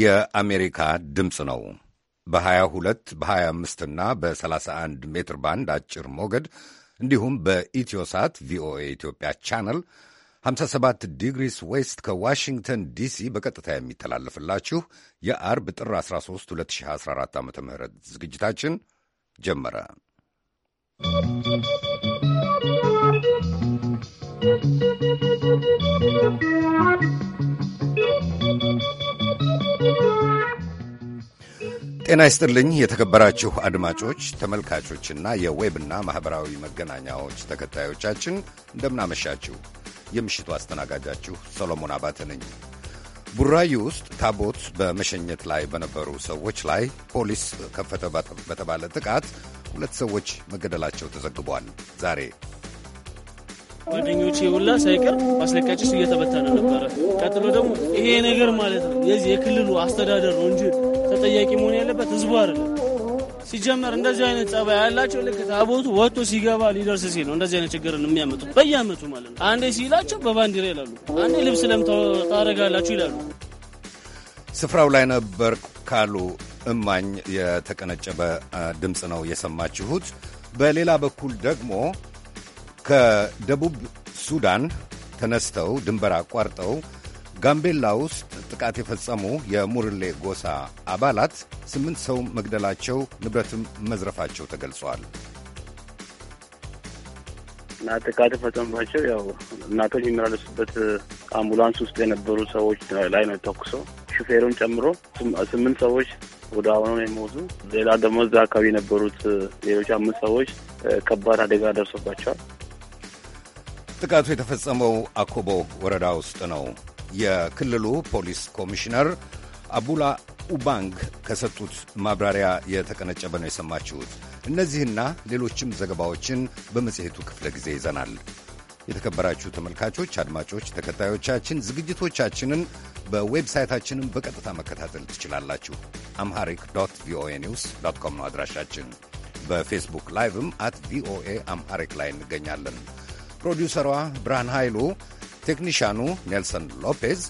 የአሜሪካ ድምፅ ነው። በ22 በ25 እና በ31 ሜትር ባንድ አጭር ሞገድ እንዲሁም በኢትዮሳት ቪኦኤ ኢትዮጵያ ቻነል 57 ዲግሪስ ዌስት ከዋሽንግተን ዲሲ በቀጥታ የሚተላለፍላችሁ የአርብ ጥር 13 2014 ዓ ም ዝግጅታችን ጀመረ። ¶¶ ጤና ይስጥልኝ የተከበራችሁ አድማጮች፣ ተመልካቾችና የዌብና ማኅበራዊ መገናኛዎች ተከታዮቻችን እንደምናመሻችሁ። የምሽቱ አስተናጋጃችሁ ሰሎሞን አባተ ነኝ። ቡራዩ ውስጥ ታቦት በመሸኘት ላይ በነበሩ ሰዎች ላይ ፖሊስ ከፈተ በተባለ ጥቃት ሁለት ሰዎች መገደላቸው ተዘግቧል። ዛሬ ጓደኞች ሁላ ሳይቀር ማስለቃጭስ እየተበተነ ነበረ። ቀጥሎ ደግሞ ይሄ ነገር ማለት ነው የዚህ የክልሉ አስተዳደር ነው እንጂ ተጠያቂ መሆን ያለበት ህዝቡ አይደለም። ሲጀመር እንደዚህ አይነት ጸባይ ያላቸው ልክ ታቦቱ ወጥቶ ሲገባ ሊደርስ ሲል ነው እንደዚህ አይነት ችግርን የሚያመጡት በየአመቱ ማለት ነው። አንዴ ሲላቸው በባንዲራ ይላሉ፣ አንዴ ልብስ ለምታረጋላችሁ ይላሉ። ስፍራው ላይ ነበር ካሉ እማኝ የተቀነጨበ ድምፅ ነው የሰማችሁት። በሌላ በኩል ደግሞ ከደቡብ ሱዳን ተነስተው ድንበር አቋርጠው ጋምቤላ ውስጥ ጥቃት የፈጸሙ የሙርሌ ጎሳ አባላት ስምንት ሰው መግደላቸው ንብረትም መዝረፋቸው ተገልጿል። እና ጥቃት የፈጸሙባቸው ያው እናቶች የሚመላለሱበት አምቡላንስ ውስጥ የነበሩ ሰዎች ላይ ነው የተኩሰው። ሹፌሩን ጨምሮ ስምንት ሰዎች ወደ አሁኑ ነው የሞቱ። ሌላ ደግሞ እዛ አካባቢ የነበሩት ሌሎች አምስት ሰዎች ከባድ አደጋ ደርሶባቸዋል። ጥቃቱ የተፈጸመው አኮቦ ወረዳ ውስጥ ነው። የክልሉ ፖሊስ ኮሚሽነር አቡላ ኡባንግ ከሰጡት ማብራሪያ የተቀነጨበ ነው የሰማችሁት። እነዚህና ሌሎችም ዘገባዎችን በመጽሔቱ ክፍለ ጊዜ ይዘናል። የተከበራችሁ ተመልካቾች፣ አድማጮች፣ ተከታዮቻችን ዝግጅቶቻችንን በዌብሳይታችንም በቀጥታ መከታተል ትችላላችሁ። አምሃሪክ ዶት ቪኦኤ ኒውስ ዶት ኮም ነው አድራሻችን። በፌስቡክ ላይቭም አት ቪኦኤ አምሃሪክ ላይ እንገኛለን። ፕሮዲውሰሯ ብርሃን ኃይሉ፣ ቴክኒሽያኑ ኔልሰን ሎፔዝ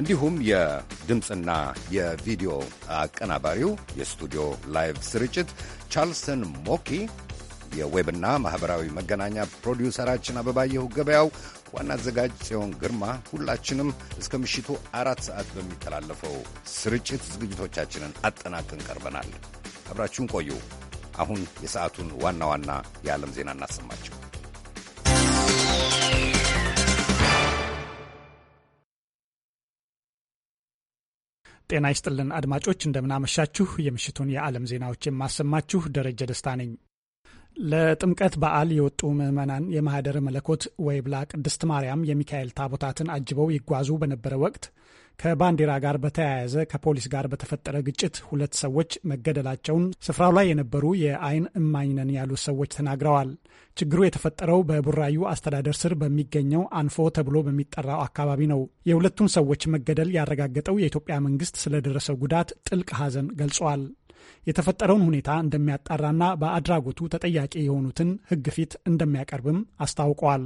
እንዲሁም የድምፅና የቪዲዮ አቀናባሪው የስቱዲዮ ላይቭ ስርጭት ቻርልሰን ሞኪ፣ የዌብና ማኅበራዊ መገናኛ ፕሮዲውሰራችን አበባየሁ ገበያው፣ ዋና አዘጋጅ ጽዮን ግርማ፣ ሁላችንም እስከ ምሽቱ አራት ሰዓት በሚተላለፈው ስርጭት ዝግጅቶቻችንን አጠናቅን ቀርበናል። አብራችሁን ቆዩ። አሁን የሰዓቱን ዋና ዋና የዓለም ዜና እናሰማቸው። ጤና ይስጥልን አድማጮች፣ እንደምናመሻችሁ። የምሽቱን የዓለም ዜናዎች የማሰማችሁ ደረጀ ደስታ ነኝ። ለጥምቀት በዓል የወጡ ምዕመናን የማህደር መለኮት ወይብላ ቅድስት ማርያም የሚካኤል ታቦታትን አጅበው ይጓዙ በነበረ ወቅት ከባንዲራ ጋር በተያያዘ ከፖሊስ ጋር በተፈጠረ ግጭት ሁለት ሰዎች መገደላቸውን ስፍራው ላይ የነበሩ የአይን እማኝ ነን ያሉ ሰዎች ተናግረዋል። ችግሩ የተፈጠረው በቡራዩ አስተዳደር ስር በሚገኘው አንፎ ተብሎ በሚጠራው አካባቢ ነው። የሁለቱን ሰዎች መገደል ያረጋገጠው የኢትዮጵያ መንግስት ስለደረሰው ጉዳት ጥልቅ ሐዘን ገልጿል። የተፈጠረውን ሁኔታ እንደሚያጣራና በአድራጎቱ ተጠያቂ የሆኑትን ሕግ ፊት እንደሚያቀርብም አስታውቋል።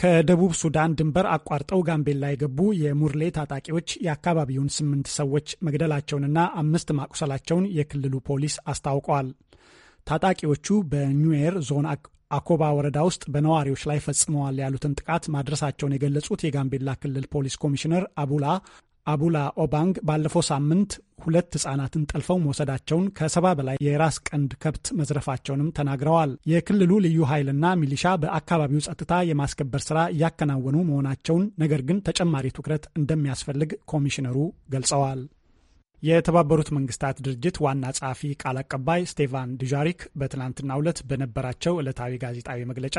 ከደቡብ ሱዳን ድንበር አቋርጠው ጋምቤላ የገቡ የሙርሌ ታጣቂዎች የአካባቢውን ስምንት ሰዎች መግደላቸውንና አምስት ማቁሰላቸውን የክልሉ ፖሊስ አስታውቀዋል። ታጣቂዎቹ በኒዌር ዞን አኮባ ወረዳ ውስጥ በነዋሪዎች ላይ ፈጽመዋል ያሉትን ጥቃት ማድረሳቸውን የገለጹት የጋምቤላ ክልል ፖሊስ ኮሚሽነር አቡላ አቡላ ኦባንግ ባለፈው ሳምንት ሁለት ህጻናትን ጠልፈው መውሰዳቸውን ከሰባ በላይ የራስ ቀንድ ከብት መዝረፋቸውንም ተናግረዋል። የክልሉ ልዩ ኃይልና ሚሊሻ በአካባቢው ጸጥታ የማስከበር ስራ እያከናወኑ መሆናቸውን፣ ነገር ግን ተጨማሪ ትኩረት እንደሚያስፈልግ ኮሚሽነሩ ገልጸዋል። የተባበሩት መንግስታት ድርጅት ዋና ጸሐፊ ቃል አቀባይ ስቴቫን ዱዣሪክ በትናንትናው ዕለት በነበራቸው ዕለታዊ ጋዜጣዊ መግለጫ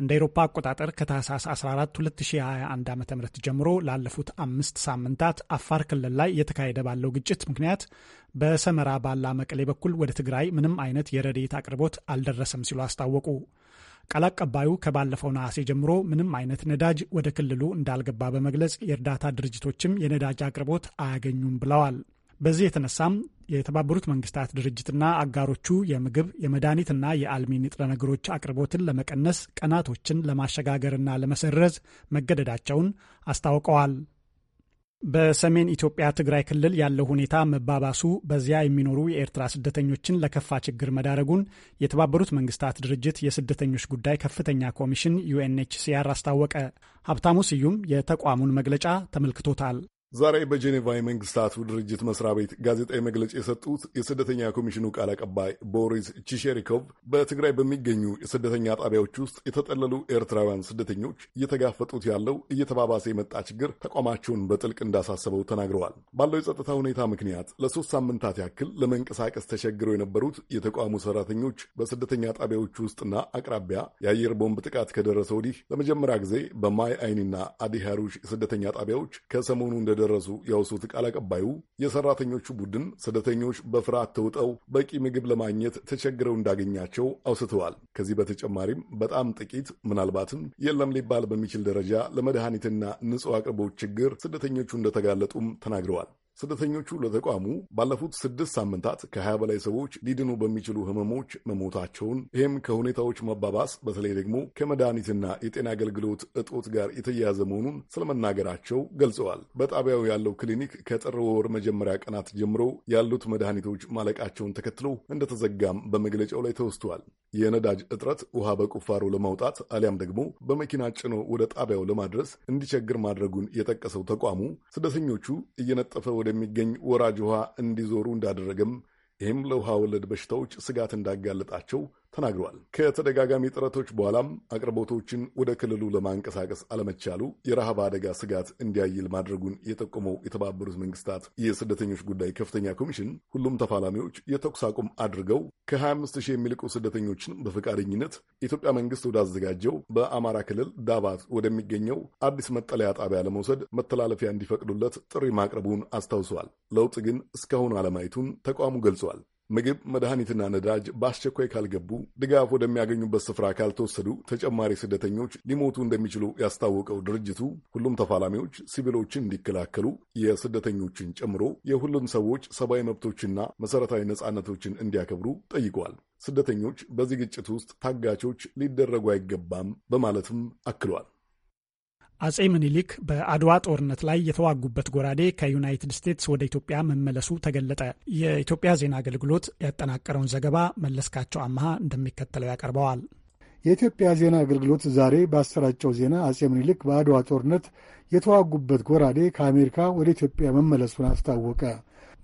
እንደ ኤሮፓ አቆጣጠር ከታህሳስ 14 2021 ዓ ም ጀምሮ ላለፉት አምስት ሳምንታት አፋር ክልል ላይ የተካሄደ ባለው ግጭት ምክንያት በሰመራ ባላ መቀሌ በኩል ወደ ትግራይ ምንም አይነት የረድኤት አቅርቦት አልደረሰም ሲሉ አስታወቁ። ቃል አቀባዩ ከባለፈው ነሐሴ ጀምሮ ምንም አይነት ነዳጅ ወደ ክልሉ እንዳልገባ በመግለጽ የእርዳታ ድርጅቶችም የነዳጅ አቅርቦት አያገኙም ብለዋል። በዚህ የተነሳም የተባበሩት መንግስታት ድርጅትና አጋሮቹ የምግብ የመድኃኒትና የአልሚ ንጥረ ነገሮች አቅርቦትን ለመቀነስ ቀናቶችን ለማሸጋገርና ለመሰረዝ መገደዳቸውን አስታውቀዋል። በሰሜን ኢትዮጵያ ትግራይ ክልል ያለው ሁኔታ መባባሱ በዚያ የሚኖሩ የኤርትራ ስደተኞችን ለከፋ ችግር መዳረጉን የተባበሩት መንግስታት ድርጅት የስደተኞች ጉዳይ ከፍተኛ ኮሚሽን ዩኤንኤችሲአር አስታወቀ። ሀብታሙ ስዩም የተቋሙን መግለጫ ተመልክቶታል። ዛሬ በጄኔቫ የመንግስታቱ ድርጅት መስሪያ ቤት ጋዜጣዊ መግለጫ የሰጡት የስደተኛ ኮሚሽኑ ቃል አቀባይ ቦሪስ ቺሼሪኮቭ በትግራይ በሚገኙ የስደተኛ ጣቢያዎች ውስጥ የተጠለሉ ኤርትራውያን ስደተኞች እየተጋፈጡት ያለው እየተባባሰ የመጣ ችግር ተቋማቸውን በጥልቅ እንዳሳሰበው ተናግረዋል። ባለው የጸጥታ ሁኔታ ምክንያት ለሶስት ሳምንታት ያክል ለመንቀሳቀስ ተቸግረው የነበሩት የተቋሙ ሰራተኞች በስደተኛ ጣቢያዎች ውስጥና አቅራቢያ የአየር ቦምብ ጥቃት ከደረሰ ወዲህ ለመጀመሪያ ጊዜ በማይ አይኒና አዲሃሩሽ የስደተኛ ጣቢያዎች ከሰሞኑ እንደ እንደደረሱ ያውሱት ቃል አቀባዩ የሰራተኞቹ ቡድን ስደተኞች በፍርሃት ተውጠው በቂ ምግብ ለማግኘት ተቸግረው እንዳገኛቸው አውስተዋል። ከዚህ በተጨማሪም በጣም ጥቂት ምናልባትም የለም ሊባል በሚችል ደረጃ ለመድኃኒትና ንጹሕ አቅርቦት ችግር ስደተኞቹ እንደተጋለጡም ተናግረዋል። ስደተኞቹ ለተቋሙ ባለፉት ስድስት ሳምንታት ከ20 በላይ ሰዎች ሊድኑ በሚችሉ ህመሞች መሞታቸውን፣ ይህም ከሁኔታዎች መባባስ በተለይ ደግሞ ከመድኃኒትና የጤና አገልግሎት እጦት ጋር የተያያዘ መሆኑን ስለመናገራቸው ገልጸዋል። በጣቢያው ያለው ክሊኒክ ከጥር ወር መጀመሪያ ቀናት ጀምሮ ያሉት መድኃኒቶች ማለቃቸውን ተከትሎ እንደተዘጋም በመግለጫው ላይ ተወስቷል። የነዳጅ እጥረት ውሃ በቁፋሮ ለማውጣት አሊያም ደግሞ በመኪና ጭኖ ወደ ጣቢያው ለማድረስ እንዲቸግር ማድረጉን የጠቀሰው ተቋሙ ስደተኞቹ እየነጠፈ ወደሚገኝ ወራጅ ውሃ እንዲዞሩ እንዳደረገም ይህም ለውሃ ወለድ በሽታዎች ስጋት እንዳጋለጣቸው ተናግረዋል። ከተደጋጋሚ ጥረቶች በኋላም አቅርቦቶችን ወደ ክልሉ ለማንቀሳቀስ አለመቻሉ የረሃብ አደጋ ስጋት እንዲያይል ማድረጉን የጠቆመው የተባበሩት መንግስታት የስደተኞች ጉዳይ ከፍተኛ ኮሚሽን ሁሉም ተፋላሚዎች የተኩስ አቁም አድርገው ከ25 ሺህ የሚልቁ ስደተኞችን በፈቃደኝነት የኢትዮጵያ መንግስት ወዳዘጋጀው በአማራ ክልል ዳባት ወደሚገኘው አዲስ መጠለያ ጣቢያ ለመውሰድ መተላለፊያ እንዲፈቅዱለት ጥሪ ማቅረቡን አስታውሰዋል። ለውጥ ግን እስካሁን አለማየቱን ተቋሙ ገልጿል። ምግብ፣ መድኃኒትና ነዳጅ በአስቸኳይ ካልገቡ ድጋፍ ወደሚያገኙበት ስፍራ ካልተወሰዱ ተጨማሪ ስደተኞች ሊሞቱ እንደሚችሉ ያስታወቀው ድርጅቱ ሁሉም ተፋላሚዎች ሲቪሎችን እንዲከላከሉ የስደተኞችን ጨምሮ የሁሉም ሰዎች ሰብአዊ መብቶችና መሠረታዊ ነጻነቶችን እንዲያከብሩ ጠይቋል። ስደተኞች በዚህ ግጭት ውስጥ ታጋቾች ሊደረጉ አይገባም በማለትም አክሏል። አጼ ምኒልክ በአድዋ ጦርነት ላይ የተዋጉበት ጎራዴ ከዩናይትድ ስቴትስ ወደ ኢትዮጵያ መመለሱ ተገለጠ። የኢትዮጵያ ዜና አገልግሎት ያጠናቀረውን ዘገባ መለስካቸው አመሃ እንደሚከተለው ያቀርበዋል። የኢትዮጵያ ዜና አገልግሎት ዛሬ ባሰራጨው ዜና አጼ ምኒልክ በአድዋ ጦርነት የተዋጉበት ጎራዴ ከአሜሪካ ወደ ኢትዮጵያ መመለሱን አስታወቀ።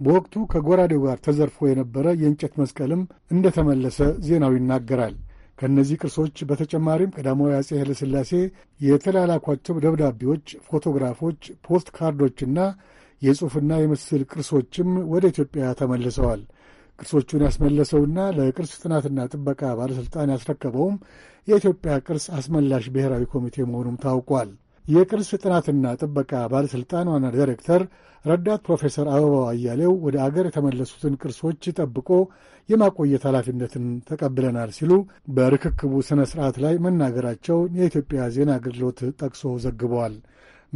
በወቅቱ ከጎራዴው ጋር ተዘርፎ የነበረ የእንጨት መስቀልም እንደተመለሰ ዜናው ይናገራል። ከእነዚህ ቅርሶች በተጨማሪም ቀዳማዊ አጼ ኃይለሥላሴ የተላላኳቸው ደብዳቤዎች፣ ፎቶግራፎች፣ ፖስት ካርዶችና የጽሑፍና የምስል ቅርሶችም ወደ ኢትዮጵያ ተመልሰዋል። ቅርሶቹን ያስመለሰውና ለቅርስ ጥናትና ጥበቃ ባለሥልጣን ያስረከበውም የኢትዮጵያ ቅርስ አስመላሽ ብሔራዊ ኮሚቴ መሆኑም ታውቋል። የቅርስ ጥናትና ጥበቃ ባለሥልጣን ዋና ዳይሬክተር ረዳት ፕሮፌሰር አበባው አያሌው ወደ አገር የተመለሱትን ቅርሶች ጠብቆ የማቆየት ኃላፊነትን ተቀብለናል ሲሉ በርክክቡ ሥነ ሥርዓት ላይ መናገራቸውን የኢትዮጵያ ዜና አገልግሎት ጠቅሶ ዘግበዋል።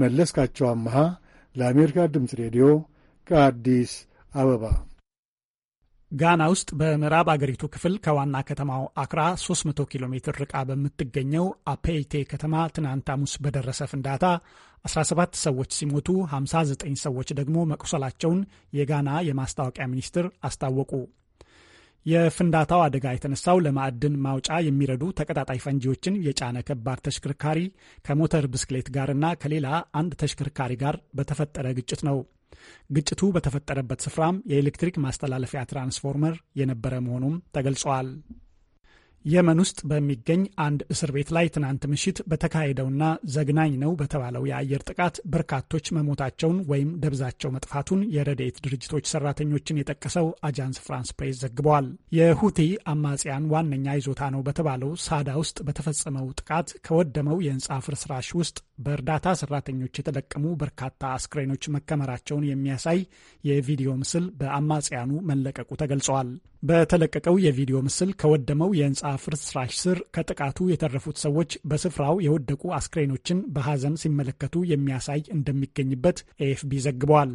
መለስካቸው አመሃ ለአሜሪካ ድምፅ ሬዲዮ ከአዲስ አበባ ጋና ውስጥ በምዕራብ አገሪቱ ክፍል ከዋና ከተማው አክራ 300 ኪሎ ሜትር ርቃ በምትገኘው አፔይቴ ከተማ ትናንት ሐሙስ በደረሰ ፍንዳታ 17 ሰዎች ሲሞቱ 59 ሰዎች ደግሞ መቁሰላቸውን የጋና የማስታወቂያ ሚኒስትር አስታወቁ። የፍንዳታው አደጋ የተነሳው ለማዕድን ማውጫ የሚረዱ ተቀጣጣይ ፈንጂዎችን የጫነ ከባድ ተሽከርካሪ ከሞተር ብስክሌት ጋርና ከሌላ አንድ ተሽከርካሪ ጋር በተፈጠረ ግጭት ነው። ግጭቱ በተፈጠረበት ስፍራም የኤሌክትሪክ ማስተላለፊያ ትራንስፎርመር የነበረ መሆኑም ተገልጿል። የመን ውስጥ በሚገኝ አንድ እስር ቤት ላይ ትናንት ምሽት በተካሄደውና ዘግናኝ ነው በተባለው የአየር ጥቃት በርካቶች መሞታቸውን ወይም ደብዛቸው መጥፋቱን የረድኤት ድርጅቶች ሰራተኞችን የጠቀሰው አጃንስ ፍራንስ ፕሬስ ዘግበዋል። የሁቲ አማጽያን ዋነኛ ይዞታ ነው በተባለው ሳዳ ውስጥ በተፈጸመው ጥቃት ከወደመው የህንፃ ፍርስራሽ ውስጥ በእርዳታ ሰራተኞች የተለቀሙ በርካታ አስክሬኖች መከመራቸውን የሚያሳይ የቪዲዮ ምስል በአማጽያኑ መለቀቁ ተገልጿል። በተለቀቀው የቪዲዮ ምስል ከወደመው የህንፃ ፍርስራሽ ስር ከጥቃቱ የተረፉት ሰዎች በስፍራው የወደቁ አስክሬኖችን በሐዘን ሲመለከቱ የሚያሳይ እንደሚገኝበት ኤኤፍቢ ዘግቧል።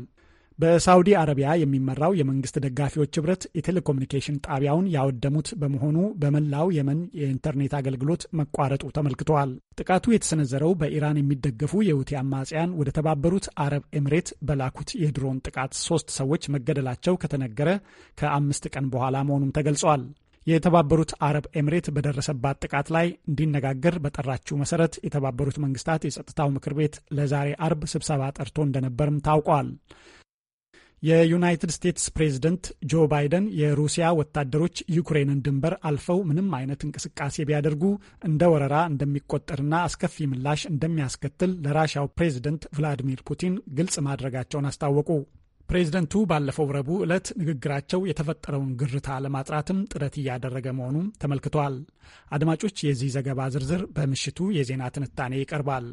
በሳውዲ አረቢያ የሚመራው የመንግስት ደጋፊዎች ህብረት የቴሌኮሙኒኬሽን ጣቢያውን ያወደሙት በመሆኑ በመላው የመን የኢንተርኔት አገልግሎት መቋረጡ ተመልክተዋል። ጥቃቱ የተሰነዘረው በኢራን የሚደገፉ የሁቲ አማጽያን ወደ ተባበሩት አረብ ኤምሬት በላኩት የድሮን ጥቃት ሶስት ሰዎች መገደላቸው ከተነገረ ከአምስት ቀን በኋላ መሆኑም ተገልጿል። የተባበሩት አረብ ኤምሬት በደረሰባት ጥቃት ላይ እንዲነጋገር በጠራችው መሰረት የተባበሩት መንግስታት የጸጥታው ምክር ቤት ለዛሬ አርብ ስብሰባ ጠርቶ እንደነበርም ታውቋል። የዩናይትድ ስቴትስ ፕሬዝደንት ጆ ባይደን የሩሲያ ወታደሮች ዩክሬንን ድንበር አልፈው ምንም አይነት እንቅስቃሴ ቢያደርጉ እንደ ወረራ እንደሚቆጠርና አስከፊ ምላሽ እንደሚያስከትል ለራሻው ፕሬዝደንት ቭላዲሚር ፑቲን ግልጽ ማድረጋቸውን አስታወቁ። ፕሬዝደንቱ ባለፈው ረቡዕ ዕለት ንግግራቸው የተፈጠረውን ግርታ ለማጥራትም ጥረት እያደረገ መሆኑም ተመልክቷል። አድማጮች፣ የዚህ ዘገባ ዝርዝር በምሽቱ የዜና ትንታኔ ይቀርባል።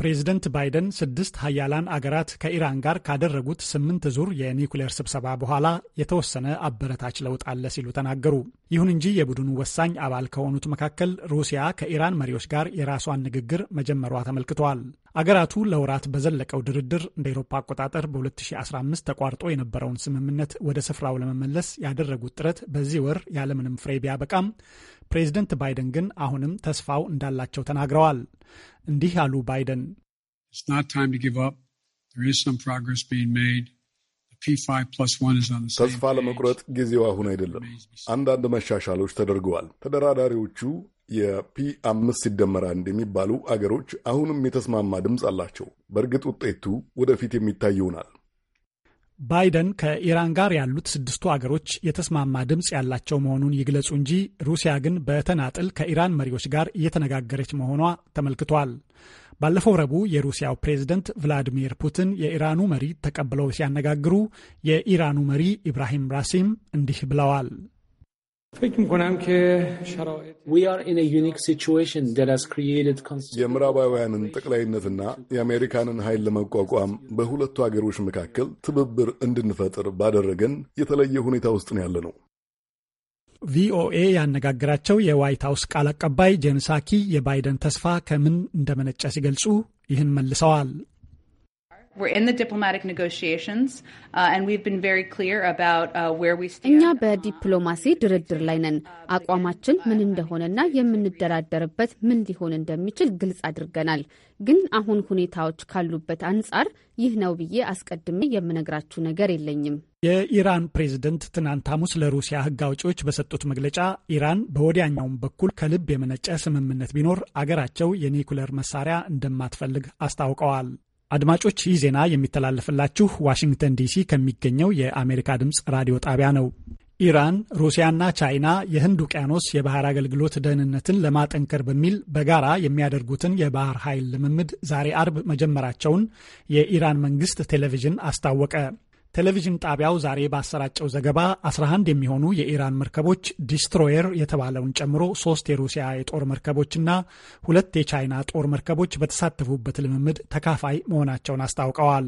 ፕሬዝደንት ባይደን ስድስት ሀያላን አገራት ከኢራን ጋር ካደረጉት ስምንት ዙር የኒውክሌር ስብሰባ በኋላ የተወሰነ አበረታች ለውጥ አለ ሲሉ ተናገሩ። ይሁን እንጂ የቡድኑ ወሳኝ አባል ከሆኑት መካከል ሩሲያ ከኢራን መሪዎች ጋር የራሷን ንግግር መጀመሯ ተመልክተዋል። አገራቱ ለወራት በዘለቀው ድርድር እንደ ኤሮፓ አቆጣጠር በ2015 ተቋርጦ የነበረውን ስምምነት ወደ ስፍራው ለመመለስ ያደረጉት ጥረት በዚህ ወር ያለምንም ፍሬ ቢያበቃም ፕሬዚደንት ባይደን ግን አሁንም ተስፋው እንዳላቸው ተናግረዋል። እንዲህ ያሉ ባይደን ተስፋ ለመቁረጥ ጊዜው አሁን አይደለም። አንዳንድ መሻሻሎች ተደርገዋል። ተደራዳሪዎቹ የፒ አምስት ሲደመር አንድ የሚባሉ አገሮች አሁንም የተስማማ ድምፅ አላቸው። በእርግጥ ውጤቱ ወደፊት የሚታይ ይሆናል። ባይደን ከኢራን ጋር ያሉት ስድስቱ አገሮች የተስማማ ድምፅ ያላቸው መሆኑን ይግለጹ እንጂ ሩሲያ ግን በተናጥል ከኢራን መሪዎች ጋር እየተነጋገረች መሆኗ ተመልክቷል። ባለፈው ረቡዕ የሩሲያው ፕሬዝደንት ቭላዲሚር ፑቲን የኢራኑ መሪ ተቀብለው ሲያነጋግሩ የኢራኑ መሪ ኢብራሂም ራሲም እንዲህ ብለዋል። የምዕራባውያንን ጠቅላይነትና የአሜሪካንን ኃይል ለመቋቋም በሁለቱ ሀገሮች መካከል ትብብር እንድንፈጥር ባደረገን የተለየ ሁኔታ ውስጥ ነው ያለ ነው። ቪኦኤ ያነጋገራቸው የዋይት ሀውስ ቃል አቀባይ ጄንሳኪ የባይደን ተስፋ ከምን እንደመነጨ ሲገልጹ ይህን መልሰዋል። Uh, uh, እኛ በዲፕሎማሲ ድርድር ላይ ነን። አቋማችን ምን እንደሆነና የምንደራደርበት ምን ሊሆን እንደሚችል ግልጽ አድርገናል። ግን አሁን ሁኔታዎች ካሉበት አንጻር ይህ ነው ብዬ አስቀድሜ የምነግራችሁ ነገር የለኝም። የኢራን ፕሬዝደንት ትናንት ሐሙስ ለሩሲያ ሕግ አውጪዎች በሰጡት መግለጫ ኢራን በወዲያኛውም በኩል ከልብ የመነጨ ስምምነት ቢኖር አገራቸው የኒኩለር መሳሪያ እንደማትፈልግ አስታውቀዋል። አድማጮች ይህ ዜና የሚተላለፍላችሁ ዋሽንግተን ዲሲ ከሚገኘው የአሜሪካ ድምፅ ራዲዮ ጣቢያ ነው። ኢራን፣ ሩሲያና ቻይና የህንድ ውቅያኖስ የባህር አገልግሎት ደህንነትን ለማጠንከር በሚል በጋራ የሚያደርጉትን የባህር ኃይል ልምምድ ዛሬ አርብ መጀመራቸውን የኢራን መንግስት ቴሌቪዥን አስታወቀ። ቴሌቪዥን ጣቢያው ዛሬ ባሰራጨው ዘገባ 11 የሚሆኑ የኢራን መርከቦች ዲስትሮየር የተባለውን ጨምሮ ሶስት የሩሲያ የጦር መርከቦችና ሁለት የቻይና ጦር መርከቦች በተሳተፉበት ልምምድ ተካፋይ መሆናቸውን አስታውቀዋል።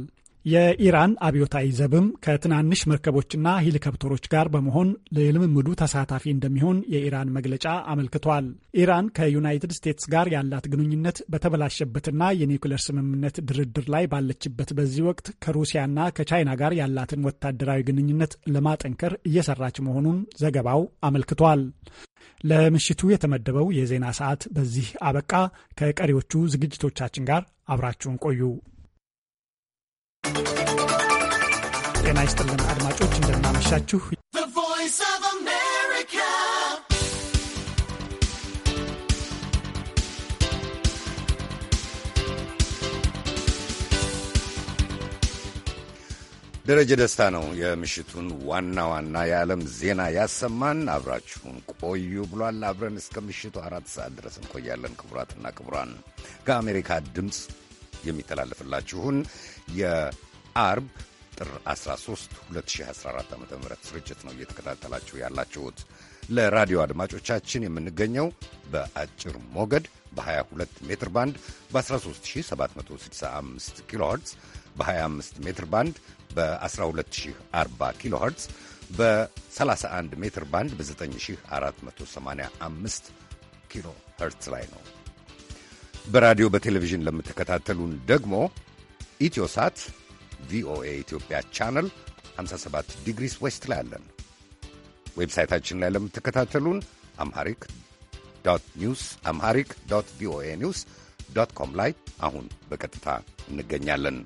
የኢራን አብዮታዊ ዘብም ከትናንሽ መርከቦችና ሄሊኮፕተሮች ጋር በመሆን ለልምምዱ ተሳታፊ እንደሚሆን የኢራን መግለጫ አመልክቷል። ኢራን ከዩናይትድ ስቴትስ ጋር ያላት ግንኙነት በተበላሸበትና የኒውክሌር ስምምነት ድርድር ላይ ባለችበት በዚህ ወቅት ከሩሲያና ከቻይና ጋር ያላትን ወታደራዊ ግንኙነት ለማጠንከር እየሰራች መሆኑን ዘገባው አመልክቷል። ለምሽቱ የተመደበው የዜና ሰዓት በዚህ አበቃ። ከቀሪዎቹ ዝግጅቶቻችን ጋር አብራችሁን ቆዩ። ጤና ይስጥልን አድማጮች፣ እንደምናመሻችሁ። ደረጀ ደስታ ነው የምሽቱን ዋና ዋና የዓለም ዜና ያሰማን። አብራችሁን ቆዩ ብሏል። አብረን እስከ ምሽቱ አራት ሰዓት ድረስ እንቆያለን። ክቡራትና ክቡራን ከአሜሪካ ድምፅ የሚተላለፍላችሁን የአርብ ጥር 13 2014 ዓ ም ስርጭት ነው እየተከታተላችሁ ያላችሁት። ለራዲዮ አድማጮቻችን የምንገኘው በአጭር ሞገድ በ22 ሜትር ባንድ በ13765 ኪሎ ኸርትዝ በ25 ሜትር ባንድ በ1240 ኪሎ ኸርትዝ በ31 ሜትር ባንድ በ9485 ኪሎ ኸርትዝ ላይ ነው። በራዲዮ በቴሌቪዥን ለምትከታተሉን ደግሞ ኢትዮሳት ቪኦኤ ኢትዮጵያ ቻነል 57 ዲግሪስ ዌስት ላይ አለን። ዌብሳይታችን ላይ ለምትከታተሉን አምሃሪክ ዶት ኒውስ አምሃሪክ ዶት ቪኦኤ ኒውስ ዶት ኮም ላይ አሁን በቀጥታ እንገኛለን።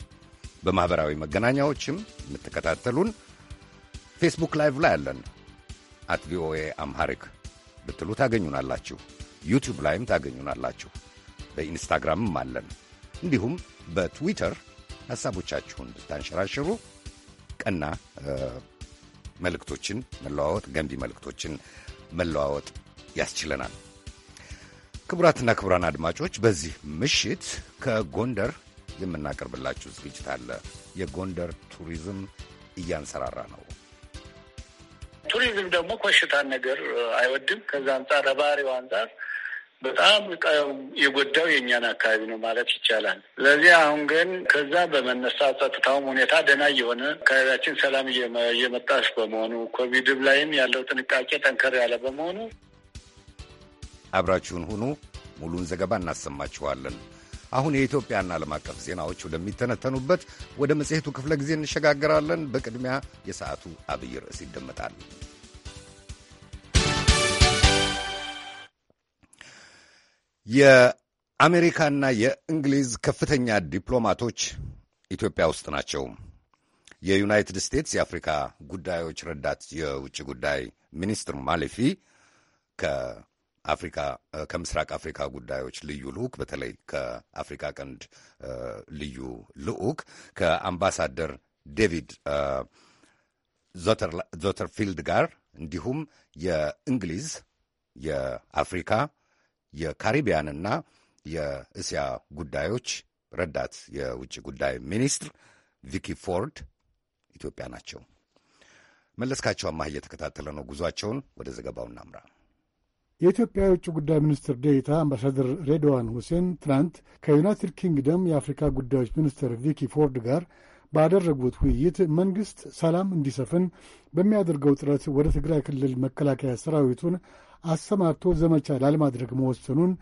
በማኅበራዊ መገናኛዎችም የምትከታተሉን ፌስቡክ ላይቭ ላይ አለን። አት ቪኦኤ አምሃሪክ ብትሉ ታገኙናላችሁ። ዩቲዩብ ላይም ታገኙናላችሁ። በኢንስታግራምም አለን። እንዲሁም በትዊተር ሀሳቦቻችሁን ብታንሸራሽሩ ቀና መልእክቶችን መለዋወጥ፣ ገንቢ መልእክቶችን መለዋወጥ ያስችለናል። ክቡራትና ክቡራን አድማጮች በዚህ ምሽት ከጎንደር የምናቀርብላችሁ ዝግጅት አለ። የጎንደር ቱሪዝም እያንሰራራ ነው። ቱሪዝም ደግሞ ኮሽታን ነገር አይወድም። ከዛ አንጻር ባህሪው አንጻር በጣም የጎዳው የእኛን አካባቢ ነው ማለት ይቻላል። ስለዚህ አሁን ግን ከዛ በመነሳት ጸጥታውም ሁኔታ ደህና እየሆነ አካባቢያችን ሰላም እየመጣች በመሆኑ ኮቪድም ላይም ያለው ጥንቃቄ ጠንከር ያለ በመሆኑ አብራችሁን ሁኑ። ሙሉን ዘገባ እናሰማችኋለን። አሁን የኢትዮጵያና ዓለም አቀፍ ዜናዎች ወደሚተነተኑበት ወደ መጽሔቱ ክፍለ ጊዜ እንሸጋገራለን። በቅድሚያ የሰዓቱ አብይ ርዕስ ይደመጣል። የአሜሪካና የእንግሊዝ ከፍተኛ ዲፕሎማቶች ኢትዮጵያ ውስጥ ናቸው። የዩናይትድ ስቴትስ የአፍሪካ ጉዳዮች ረዳት የውጭ ጉዳይ ሚኒስትር ማሌፊ ከአፍሪካ ከምስራቅ አፍሪካ ጉዳዮች ልዩ ልዑክ በተለይ ከአፍሪካ ቀንድ ልዩ ልዑክ ከአምባሳደር ዴቪድ ዞተርፊልድ ጋር እንዲሁም የእንግሊዝ የአፍሪካ የካሪቢያንና የእስያ ጉዳዮች ረዳት የውጭ ጉዳይ ሚኒስትር ቪኪ ፎርድ ኢትዮጵያ ናቸው። መለስካቸው አማህ እየተከታተለ ነው ጉዟቸውን። ወደ ዘገባው እናምራ። የኢትዮጵያ የውጭ ጉዳይ ሚኒስትር ዴኤታ አምባሳደር ሬድዋን ሁሴን ትናንት ከዩናይትድ ኪንግደም የአፍሪካ ጉዳዮች ሚኒስትር ቪኪ ፎርድ ጋር ባደረጉት ውይይት መንግሥት ሰላም እንዲሰፍን በሚያደርገው ጥረት ወደ ትግራይ ክልል መከላከያ ሰራዊቱን አሰማርቶ ዘመቻ ላለማድረግ መወሰኑን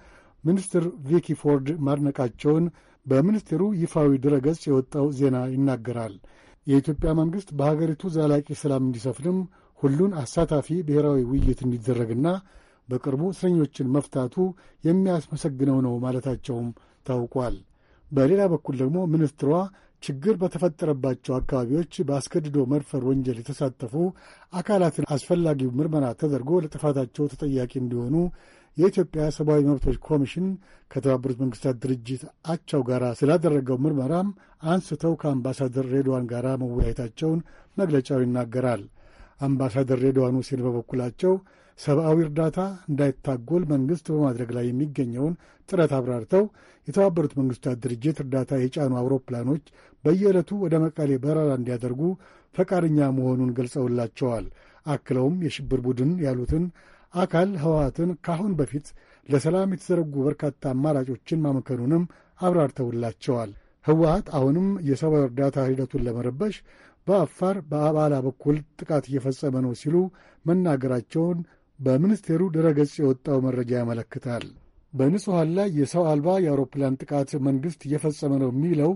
ሚኒስትር ቪኪ ፎርድ ማድነቃቸውን በሚኒስቴሩ ይፋዊ ድረገጽ የወጣው ዜና ይናገራል። የኢትዮጵያ መንግሥት በሀገሪቱ ዘላቂ ሰላም እንዲሰፍንም ሁሉን አሳታፊ ብሔራዊ ውይይት እንዲደረግና በቅርቡ እስረኞችን መፍታቱ የሚያስመሰግነው ነው ማለታቸውም ታውቋል። በሌላ በኩል ደግሞ ሚኒስትሯ ችግር በተፈጠረባቸው አካባቢዎች በአስገድዶ መድፈር ወንጀል የተሳተፉ አካላትን አስፈላጊው ምርመራ ተደርጎ ለጥፋታቸው ተጠያቂ እንዲሆኑ የኢትዮጵያ ሰብአዊ መብቶች ኮሚሽን ከተባበሩት መንግስታት ድርጅት አቻው ጋር ስላደረገው ምርመራም አንስተው ከአምባሳደር ሬድዋን ጋር መወያየታቸውን መግለጫው ይናገራል። አምባሳደር ሬድዋን ሁሴን በበኩላቸው ሰብአዊ እርዳታ እንዳይታጎል መንግሥት በማድረግ ላይ የሚገኘውን ጥረት አብራርተው የተባበሩት መንግሥታት ድርጅት እርዳታ የጫኑ አውሮፕላኖች በየዕለቱ ወደ መቀሌ በረራ እንዲያደርጉ ፈቃደኛ መሆኑን ገልጸውላቸዋል። አክለውም የሽብር ቡድን ያሉትን አካል ህወሀትን ከአሁን በፊት ለሰላም የተዘረጉ በርካታ አማራጮችን ማመከኑንም አብራርተውላቸዋል። ህወሀት አሁንም የሰብአዊ እርዳታ ሂደቱን ለመረበሽ በአፋር በአባላ በኩል ጥቃት እየፈጸመ ነው ሲሉ መናገራቸውን በሚኒስቴሩ ድረገጽ የወጣው መረጃ ያመለክታል። በንጹሐን ላይ የሰው አልባ የአውሮፕላን ጥቃት መንግሥት እየፈጸመ ነው የሚለው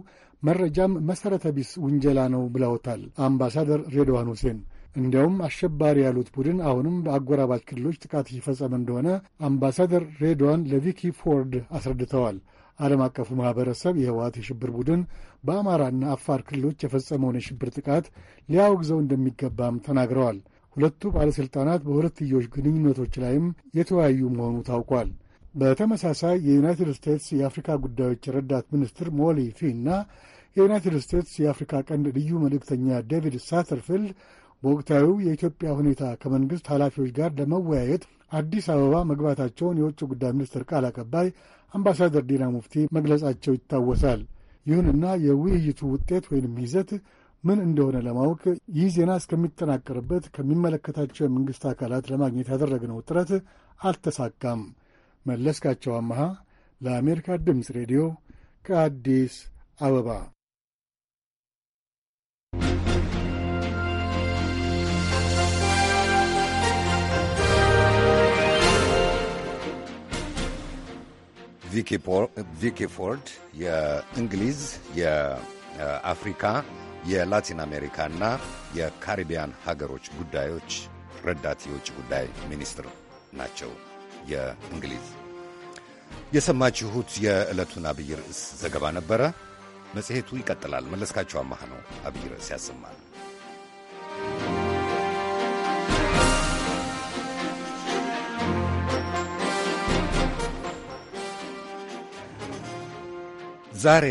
መረጃም መሠረተ ቢስ ውንጀላ ነው ብለውታል አምባሳደር ሬድዋን ሁሴን። እንዲያውም አሸባሪ ያሉት ቡድን አሁንም በአጎራባች ክልሎች ጥቃት እየፈጸመ እንደሆነ አምባሳደር ሬድዋን ለቪኪ ፎርድ አስረድተዋል። ዓለም አቀፉ ማኅበረሰብ የህወሓት የሽብር ቡድን በአማራና አፋር ክልሎች የፈጸመውን የሽብር ጥቃት ሊያወግዘው እንደሚገባም ተናግረዋል። ሁለቱ ባለሥልጣናት በሁለትዮሽ ግንኙነቶች ላይም የተወያዩ መሆኑ ታውቋል። በተመሳሳይ የዩናይትድ ስቴትስ የአፍሪካ ጉዳዮች ረዳት ሚኒስትር ሞሊ ፊ እና የዩናይትድ ስቴትስ የአፍሪካ ቀንድ ልዩ መልእክተኛ ዴቪድ ሳተርፊልድ በወቅታዊ የኢትዮጵያ ሁኔታ ከመንግሥት ኃላፊዎች ጋር ለመወያየት አዲስ አበባ መግባታቸውን የውጭ ጉዳይ ሚኒስትር ቃል አቀባይ አምባሳደር ዲና ሙፍቲ መግለጻቸው ይታወሳል። ይሁንና የውይይቱ ውጤት ወይንም ይዘት ምን እንደሆነ ለማወቅ ይህ ዜና እስከሚጠናቀርበት ከሚመለከታቸው የመንግሥት አካላት ለማግኘት ያደረግነው ጥረት አልተሳካም። መለስካቸው አመሃ ለአሜሪካ ድምፅ ሬዲዮ ከአዲስ አበባ። ቪኪ ፎርድ የእንግሊዝ የአፍሪካ የላቲን አሜሪካና የካሪቢያን ሀገሮች ጉዳዮች ረዳት የውጭ ጉዳይ ሚኒስትር ናቸው። የእንግሊዝ የሰማችሁት የዕለቱን አብይ ርዕስ ዘገባ ነበረ። መጽሔቱ ይቀጥላል። መለስካቸው አማህ ነው አብይ ርዕስ ያሰማል። ዛሬ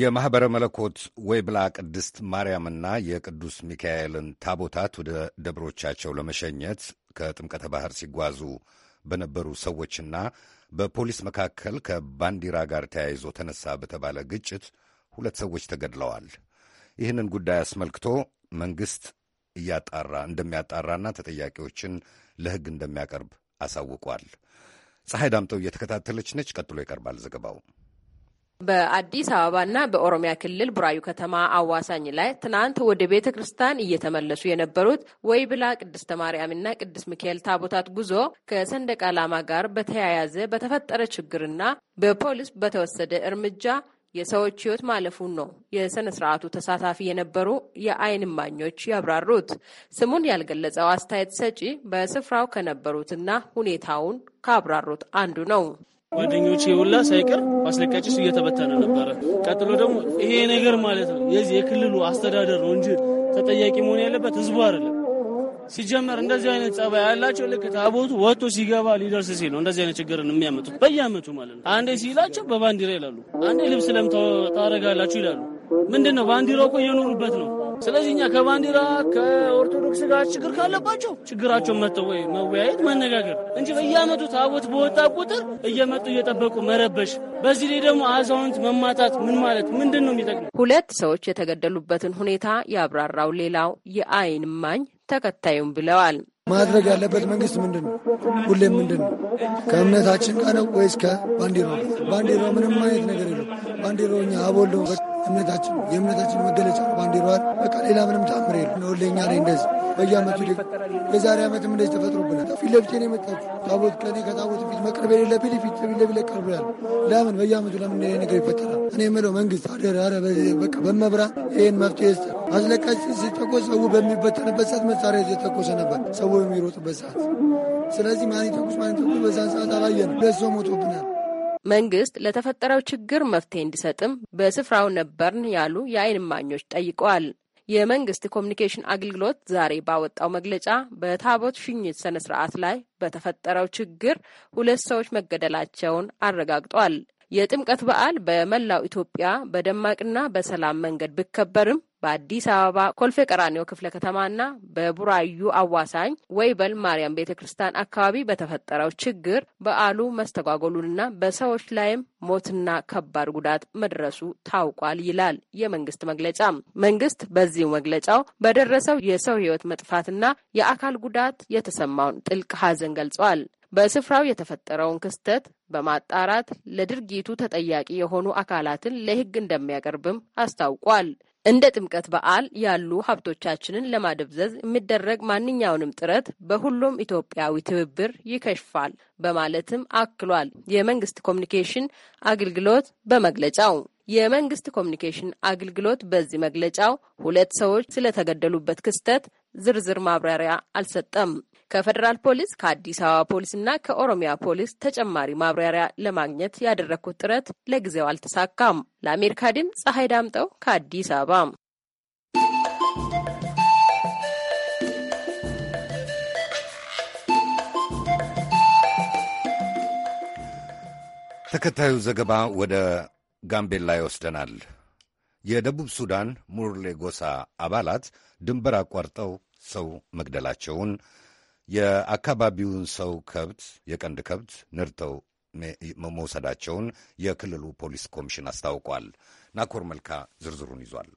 የማኅበረ መለኮት ወይብላ ቅድስት ማርያምና የቅዱስ ሚካኤልን ታቦታት ወደ ደብሮቻቸው ለመሸኘት ከጥምቀተ ባሕር ሲጓዙ በነበሩ ሰዎችና በፖሊስ መካከል ከባንዲራ ጋር ተያይዞ ተነሳ በተባለ ግጭት ሁለት ሰዎች ተገድለዋል። ይህንን ጉዳይ አስመልክቶ መንግሥት እያጣራ እንደሚያጣራና ተጠያቂዎችን ለሕግ እንደሚያቀርብ አሳውቋል። ፀሐይ ዳምጠው እየተከታተለች ነች። ቀጥሎ ይቀርባል ዘገባው። በአዲስ አበባና በኦሮሚያ ክልል ቡራዩ ከተማ አዋሳኝ ላይ ትናንት ወደ ቤተ ክርስቲያን እየተመለሱ የነበሩት ወይ ብላ ቅድስተ ማርያምና ቅዱስ ሚካኤል ታቦታት ጉዞ ከሰንደቅ ዓላማ ጋር በተያያዘ በተፈጠረ ችግርና በፖሊስ በተወሰደ እርምጃ የሰዎች ሕይወት ማለፉን ነው የሥነ ሥርዓቱ ተሳታፊ የነበሩ የአይን እማኞች ያብራሩት። ስሙን ያልገለጸው አስተያየት ሰጪ በስፍራው ከነበሩትና ሁኔታውን ካብራሩት አንዱ ነው። ጓደኞች ሁላ ሳይቀር ማስለቃቂ እሱ እየተበተነ ነበረ። ቀጥሎ ደግሞ ይሄ ነገር ማለት ነው የዚህ የክልሉ አስተዳደር ነው እንጂ ተጠያቂ መሆን ያለበት ህዝቡ አይደለም። ሲጀመር እንደዚህ አይነት ጸባይ ያላቸው ልክ ታቦቱ ወጥቶ ሲገባ ሊደርስ ሲል ነው እንደዚህ አይነት ችግርን የሚያመጡት በየአመቱ ማለት ነው። አንዴ ሲላቸው በባንዲራ ይላሉ፣ አንዴ ልብስ ለምታረጋላችሁ ይላሉ። ምንድን ነው ባንዲራው እኮ እየኖሩበት ነው ስለዚህ እኛ ከባንዲራ ከኦርቶዶክስ ጋር ችግር ካለባቸው ችግራቸውን መጥተው ወይ መወያየት መነጋገር እንጂ በየአመቱ ታቦት በወጣ ቁጥር እየመጡ እየጠበቁ መረበሽ፣ በዚህ ላይ ደግሞ አዛውንት መማታት ምን ማለት ምንድን ነው የሚጠቅመው? ሁለት ሰዎች የተገደሉበትን ሁኔታ ያብራራው ሌላው የአይን እማኝ ተከታዩም ብለዋል። ማድረግ ያለበት መንግስት ምንድን ነው? ሁሌም ምንድን ነው? ከእምነታችን ጋር ነው ወይስ ከባንዲራ? ባንዲራ ምንም አይነት ነገር የለም። ባንዲራኛ አቦሎ እምነታችን የእምነታችን መገለጫ ባንዲራዋል በቃ ሌላ ምንም ታምር የለ ወለኛ ነ እንደዚህ በየአመቱ በዛሬ ዓመትም እንደዚህ ተፈጥሮብናል። ፊት ለፊት ነው የመጣችሁ ታቦት ከኔ ከታቦት ፊት መቅረብ የሌለ ፊት ለፊት ለፊት ቀርብ ያለ ለምን በየአመቱ ለምን ሌላ ነገር ይፈጠራል? እኔ የምለው መንግስት አደር በቃ በመብራት ይህን መፍትሄ ስ አስለቃሽ ሲተኮስ ሰው በሚበተንበት ሰዓት መሳሪያ የተተኮሰ ነበር ሰው የሚሮጥበት ሰዓት። ስለዚህ ማን ተኩስ ማን ተኩስ በዛን ሰዓት አላየንም። ሁለት ሰው ሞቶብናል። መንግስት ለተፈጠረው ችግር መፍትሄ እንዲሰጥም በስፍራው ነበርን ያሉ የአይን እማኞች ጠይቀዋል። የመንግስት ኮሚኒኬሽን አገልግሎት ዛሬ ባወጣው መግለጫ በታቦት ሽኝት ስነ ስርዓት ላይ በተፈጠረው ችግር ሁለት ሰዎች መገደላቸውን አረጋግጧል። የጥምቀት በዓል በመላው ኢትዮጵያ በደማቅና በሰላም መንገድ ቢከበርም በአዲስ አበባ ኮልፌ ቀራኒዮ ክፍለ ከተማና በቡራዩ አዋሳኝ ወይበል ማርያም ቤተ ክርስቲያን አካባቢ በተፈጠረው ችግር በዓሉ መስተጓጎሉንና በሰዎች ላይም ሞትና ከባድ ጉዳት መድረሱ ታውቋል ይላል የመንግስት መግለጫ። መንግስት በዚህ መግለጫው በደረሰው የሰው ህይወት መጥፋትና የአካል ጉዳት የተሰማውን ጥልቅ ሐዘን ገልጿል። በስፍራው የተፈጠረውን ክስተት በማጣራት ለድርጊቱ ተጠያቂ የሆኑ አካላትን ለህግ እንደሚያቀርብም አስታውቋል። እንደ ጥምቀት በዓል ያሉ ሀብቶቻችንን ለማደብዘዝ የሚደረግ ማንኛውንም ጥረት በሁሉም ኢትዮጵያዊ ትብብር ይከሽፋል በማለትም አክሏል። የመንግስት ኮሚኒኬሽን አገልግሎት በመግለጫው የመንግስት ኮሚኒኬሽን አገልግሎት በዚህ መግለጫው ሁለት ሰዎች ስለተገደሉበት ክስተት ዝርዝር ማብራሪያ አልሰጠም። ከፌዴራል ፖሊስ ከአዲስ አበባ ፖሊስና ከኦሮሚያ ፖሊስ ተጨማሪ ማብራሪያ ለማግኘት ያደረግኩት ጥረት ለጊዜው አልተሳካም። ለአሜሪካ ድምፅ ፀሐይ ዳምጠው ከአዲስ አበባ። ተከታዩ ዘገባ ወደ ጋምቤላ ይወስደናል። የደቡብ ሱዳን ሙርሌ ጎሳ አባላት ድንበር አቋርጠው ሰው መግደላቸውን የአካባቢውን ሰው ከብት፣ የቀንድ ከብት ነድተው መውሰዳቸውን የክልሉ ፖሊስ ኮሚሽን አስታውቋል። ናኮር መልካ ዝርዝሩን ይዟል።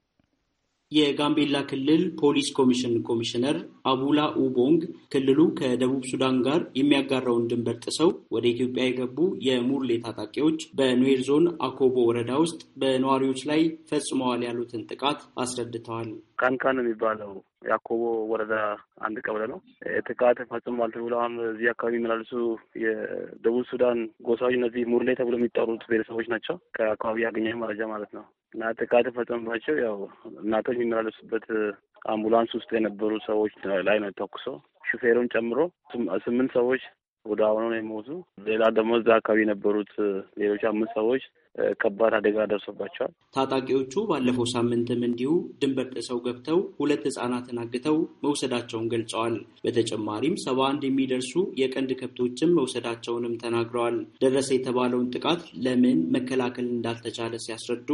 የጋምቤላ ክልል ፖሊስ ኮሚሽን ኮሚሽነር አቡላ ኡቦንግ ክልሉ ከደቡብ ሱዳን ጋር የሚያጋራውን ድንበር ጥሰው ወደ ኢትዮጵያ የገቡ የሙርሌ ታጣቂዎች በኑዌር ዞን አኮቦ ወረዳ ውስጥ በነዋሪዎች ላይ ፈጽመዋል ያሉትን ጥቃት አስረድተዋል። ካንካን የሚባለው የአኮቦ ወረዳ አንድ ቀበሌ ነው። ጥቃት ፈጽመዋል ተብሎ አሁን እዚህ አካባቢ የሚመላልሱ የደቡብ ሱዳን ጎሳዎች እነዚህ ሙርሌ ተብሎ የሚጠሩት ብሔረሰቦች ናቸው። ከአካባቢ ያገኘ መረጃ ማለት ነው። እና ጥቃት ተፈጸመባቸው። ያው እናቶች የሚመላለሱበት አምቡላንስ ውስጥ የነበሩ ሰዎች ላይ ነው ተኩሶ ሹፌሩን ጨምሮ ስምንት ሰዎች ወደ አሁኑ ነው የሞቱ። ሌላ ደግሞ እዛ አካባቢ የነበሩት ሌሎች አምስት ሰዎች ከባድ አደጋ ደርሶባቸዋል። ታጣቂዎቹ ባለፈው ሳምንትም እንዲሁ ድንበር ጥሰው ገብተው ሁለት ህጻናትን አግተው መውሰዳቸውን ገልጸዋል። በተጨማሪም ሰባ አንድ የሚደርሱ የቀንድ ከብቶችን መውሰዳቸውንም ተናግረዋል። ደረሰ የተባለውን ጥቃት ለምን መከላከል እንዳልተቻለ ሲያስረዱ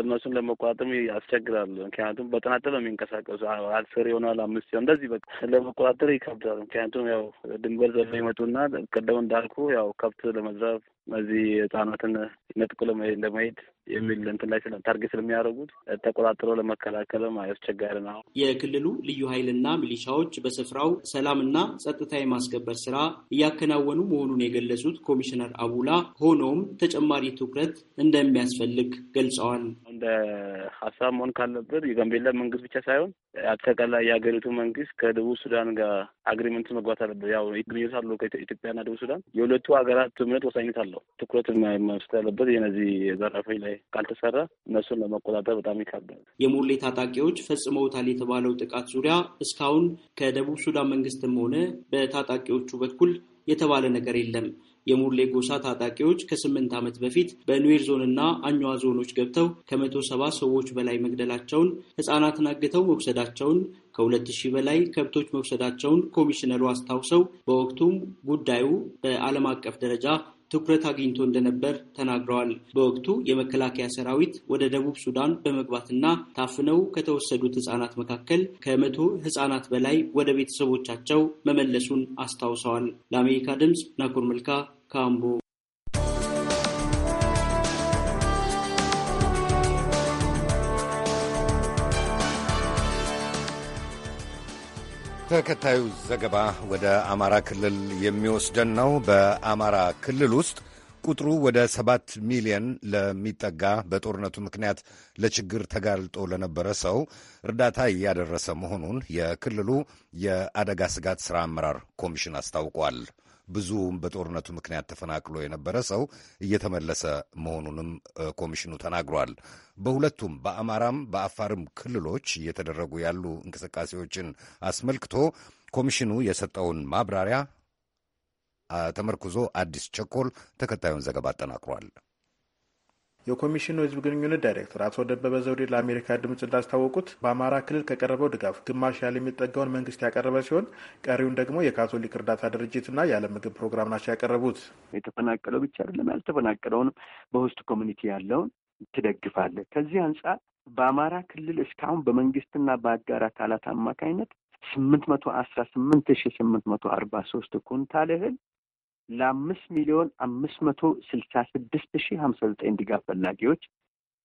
እነሱን ለመቆጣጠም ያስቸግራል። ምክንያቱም በጥናት የሚንቀሳቀሱ አስር ይሆናል አምስት ሲሆን እንደዚህ በ ለመቆጣጠር ይከብዳል። ምክንያቱም ያው ድንበር ዘላ ይመጡና ቅድም እንዳልኩ ያው ከብት ለመዝረፍ እዚህ ህጻናትን ነጥቆ ለመሄድ የሚል እንትን ላይ ታርጌት ስለሚያደርጉት ተቆጣጥሮ ለመከላከልም አስቸጋሪ ነው። የክልሉ ልዩ ኃይልና ሚሊሻዎች በስፍራው ሰላምና ጸጥታ የማስከበር ስራ እያከናወኑ መሆኑን የገለጹት ኮሚሽነር አቡላ፣ ሆኖም ተጨማሪ ትኩረት እንደሚያስፈልግ ገልጸዋል። እንደ ሀሳብ መሆን ካለበት የጋምቤላ መንግስት ብቻ ሳይሆን አጠቃላይ የሀገሪቱ መንግስት ከደቡብ ሱዳን ጋር አግሪመንት መግባት አለበት። ያው ግንኙነት አለው ከኢትዮጵያና ደቡብ ሱዳን የሁለቱ ሀገራት ትምህርት ወሳኝነት አለ አለው። ትኩረት መስጠት ያለበት የነዚህ ዘራፊዎች ላይ ካልተሰራ እነሱን ለመቆጣጠር በጣም ይከብዳል። የሞሌ ታጣቂዎች ፈጽመውታል የተባለው ጥቃት ዙሪያ እስካሁን ከደቡብ ሱዳን መንግስትም ሆነ በታጣቂዎቹ በኩል የተባለ ነገር የለም። የሙርሌ ጎሳ ታጣቂዎች ከስምንት ዓመት በፊት በኑዌር ዞንና አኛዋ ዞኖች ገብተው ከመቶ ሰባ ሰዎች በላይ መግደላቸውን፣ ህፃናትን አግተው መውሰዳቸውን፣ ከሁለት ሺህ በላይ ከብቶች መውሰዳቸውን ኮሚሽነሩ አስታውሰው በወቅቱም ጉዳዩ በዓለም አቀፍ ደረጃ ትኩረት አግኝቶ እንደነበር ተናግረዋል። በወቅቱ የመከላከያ ሰራዊት ወደ ደቡብ ሱዳን በመግባትና ታፍነው ከተወሰዱት ህጻናት መካከል ከመቶ ህጻናት በላይ ወደ ቤተሰቦቻቸው መመለሱን አስታውሰዋል። ለአሜሪካ ድምፅ ናኩር መልካ ካምቦ ተከታዩ ዘገባ ወደ አማራ ክልል የሚወስደን ነው። በአማራ ክልል ውስጥ ቁጥሩ ወደ ሰባት ሚሊዮን ለሚጠጋ በጦርነቱ ምክንያት ለችግር ተጋልጦ ለነበረ ሰው እርዳታ እያደረሰ መሆኑን የክልሉ የአደጋ ስጋት ሥራ አመራር ኮሚሽን አስታውቋል። ብዙውም በጦርነቱ ምክንያት ተፈናቅሎ የነበረ ሰው እየተመለሰ መሆኑንም ኮሚሽኑ ተናግሯል። በሁለቱም በአማራም በአፋርም ክልሎች እየተደረጉ ያሉ እንቅስቃሴዎችን አስመልክቶ ኮሚሽኑ የሰጠውን ማብራሪያ ተመርኩዞ አዲስ ቸኮል ተከታዩን ዘገባ አጠናቅሯል። የኮሚሽኑ ህዝብ ግንኙነት ዳይሬክተር አቶ ደበበ ዘውዴ ለአሜሪካ ድምፅ እንዳስታወቁት በአማራ ክልል ከቀረበው ድጋፍ ግማሽ ያህል የሚጠጋውን መንግስት ያቀረበ ሲሆን ቀሪውን ደግሞ የካቶሊክ እርዳታ ድርጅትና የዓለም ምግብ ፕሮግራም ናቸው ያቀረቡት። የተፈናቀለው ብቻ አይደለም፣ ያልተፈናቀለውንም በውስጥ ኮሚኒቲ ያለውን ትደግፋለህ። ከዚህ አንጻር በአማራ ክልል እስካሁን በመንግስትና በአጋር አካላት አማካኝነት ስምንት መቶ አስራ ስምንት ሺ ስምንት መቶ አርባ ሶስት ኩንታል እህል ለአምስት ሚሊዮን አምስት መቶ ስልሳ ስድስት ሺህ ሀምሳ ዘጠኝ ድጋፍ ፈላጊዎች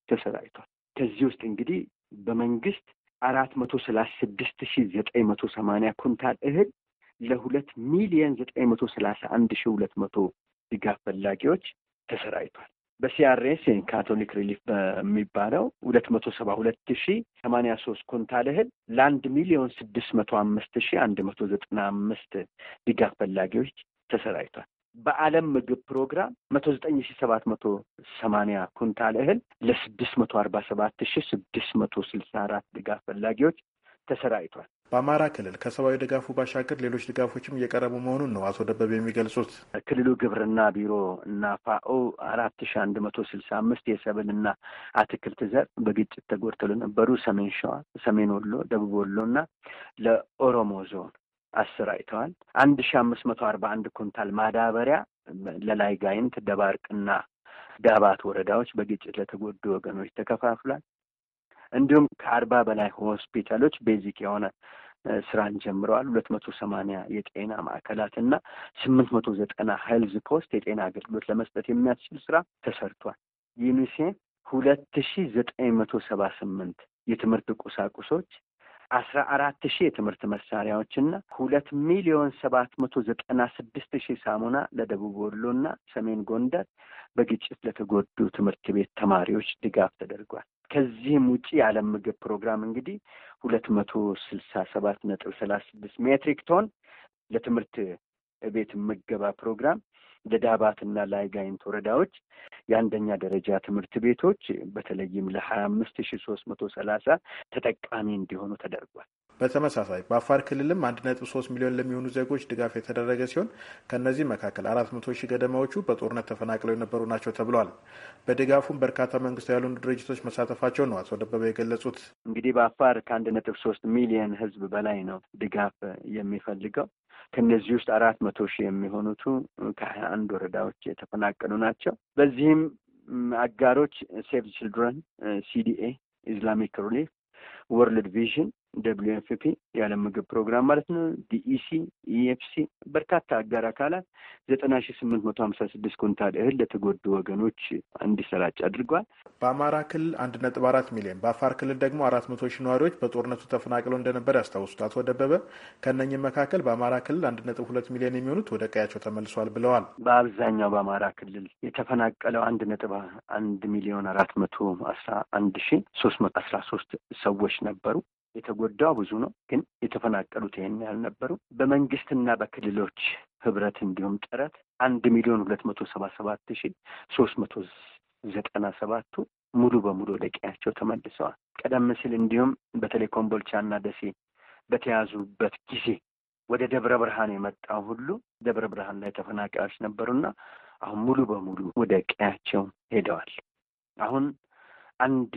ተሰራጭቷል። ከዚህ ውስጥ እንግዲህ በመንግስት አራት መቶ ሰላሳ ስድስት ሺህ ዘጠኝ መቶ ሰማኒያ ኩንታል እህል ለሁለት ሚሊየን ዘጠኝ መቶ ሰላሳ አንድ ሺህ ሁለት መቶ ድጋፍ ፈላጊዎች ተሰራጭቷል። በሲአርኤስ ካቶሊክ ሪሊፍ በሚባለው ሁለት መቶ ሰባ ሁለት ሺ ሰማኒያ ሶስት ኩንታል እህል ለአንድ ሚሊዮን ስድስት መቶ አምስት ሺ አንድ መቶ ዘጠና አምስት ድጋፍ ፈላጊዎች ተሰራጭቷል። በዓለም ምግብ ፕሮግራም መቶ ዘጠኝ ሺ ሰባት መቶ ሰማኒያ ኩንታል እህል ለስድስት መቶ አርባ ሰባት ሺ ስድስት መቶ ስልሳ አራት ድጋፍ ፈላጊዎች ተሰራጭቷል። በአማራ ክልል ከሰብአዊ ድጋፉ ባሻገር ሌሎች ድጋፎችም እየቀረቡ መሆኑን ነው አቶ ደበብ የሚገልጹት። ክልሉ ግብርና ቢሮ እና ፋኦ አራት ሺ አንድ መቶ ስልሳ አምስት የሰብልና አትክልት ዘር በግጭት ተጎድተው ለነበሩ ሰሜን ሸዋ፣ ሰሜን ወሎ፣ ደቡብ ወሎ እና ለኦሮሞ ዞን አሰራጭተዋል። አንድ ሺ አምስት መቶ አርባ አንድ ኩንታል ማዳበሪያ ለላይ ጋይንት፣ ደባርቅና ዳባት ወረዳዎች በግጭት ለተጎዱ ወገኖች ተከፋፍሏል። እንዲሁም ከአርባ በላይ ሆስፒታሎች ቤዚክ የሆነ ስራን ጀምረዋል። ሁለት መቶ ሰማኒያ የጤና ማዕከላት እና ስምንት መቶ ዘጠና ሄልዝ ፖስት የጤና አገልግሎት ለመስጠት የሚያስችል ስራ ተሰርቷል። ዩኒሴፍ ሁለት ሺ ዘጠኝ መቶ ሰባ ስምንት የትምህርት ቁሳቁሶች አስራ አራት ሺህ የትምህርት መሳሪያዎችና ሁለት ሚሊዮን ሰባት መቶ ዘጠና ስድስት ሺህ ሳሙና ለደቡብ ወሎና ሰሜን ጎንደር በግጭት ለተጎዱ ትምህርት ቤት ተማሪዎች ድጋፍ ተደርጓል። ከዚህም ውጭ የዓለም ምግብ ፕሮግራም እንግዲህ ሁለት መቶ ስልሳ ሰባት ነጥብ ሰላሳ ስድስት ሜትሪክ ቶን ለትምህርት ቤት ምገባ ፕሮግራም ለዳባትና ለአይጋይንት ወረዳዎች የአንደኛ ደረጃ ትምህርት ቤቶች በተለይም ለሀያ አምስት ሺ ሶስት መቶ ሰላሳ ተጠቃሚ እንዲሆኑ ተደርጓል። በተመሳሳይ በአፋር ክልልም አንድ ነጥብ ሶስት ሚሊዮን ለሚሆኑ ዜጎች ድጋፍ የተደረገ ሲሆን ከእነዚህ መካከል አራት መቶ ሺህ ገደማዎቹ በጦርነት ተፈናቅለው የነበሩ ናቸው ተብሏል። በድጋፉም በርካታ መንግስታዊ ያልሆኑ ድርጅቶች መሳተፋቸው ነው አቶ ደበበ የገለጹት። እንግዲህ በአፋር ከአንድ ነጥብ ሶስት ሚሊዮን ህዝብ በላይ ነው ድጋፍ የሚፈልገው። ከነዚህ ውስጥ አራት መቶ ሺህ የሚሆኑቱ ከሀያ አንድ ወረዳዎች የተፈናቀሉ ናቸው። በዚህም አጋሮች ሴቭ ችልድረን፣ ሲዲኤ፣ ኢስላሚክ ሪሊፍ፣ ወርልድ ቪዥን ደብሊዩ ኤፍ ፒ የዓለም ምግብ ፕሮግራም ማለት ነው። ዲኢሲ፣ ኢኤፍሲ በርካታ አጋር አካላት ዘጠና ሺ ስምንት መቶ ሀምሳ ስድስት ኩንታል እህል ለተጎዱ ወገኖች እንዲሰራጭ አድርጓል። በአማራ ክልል አንድ ነጥብ አራት ሚሊዮን በአፋር ክልል ደግሞ አራት መቶ ሺ ነዋሪዎች በጦርነቱ ተፈናቅለው እንደነበር ያስታውሱት አቶ ደበበ ከእነኝም መካከል በአማራ ክልል አንድ ነጥብ ሁለት ሚሊዮን የሚሆኑት ወደ ቀያቸው ተመልሷል ብለዋል። በአብዛኛው በአማራ ክልል የተፈናቀለው አንድ ነጥብ አንድ ሚሊዮን አራት መቶ አስራ አንድ ሺ ሶስት መቶ አስራ ሶስት ሰዎች ነበሩ። የተጎዳው ብዙ ነው፣ ግን የተፈናቀሉት ይህን ያህል ነበሩ። በመንግስትና በክልሎች ህብረት እንዲሁም ጥረት አንድ ሚሊዮን ሁለት መቶ ሰባ ሰባት ሺ ሶስት መቶ ዘጠና ሰባቱ ሙሉ በሙሉ ወደ ቀያቸው ተመልሰዋል። ቀደም ሲል እንዲሁም በተለይ ኮምቦልቻና ደሴ በተያዙበት ጊዜ ወደ ደብረ ብርሃን የመጣው ሁሉ ደብረ ብርሃን ላይ ተፈናቃዮች ነበሩና አሁን ሙሉ በሙሉ ወደ ቀያቸው ሄደዋል። አሁን አንድ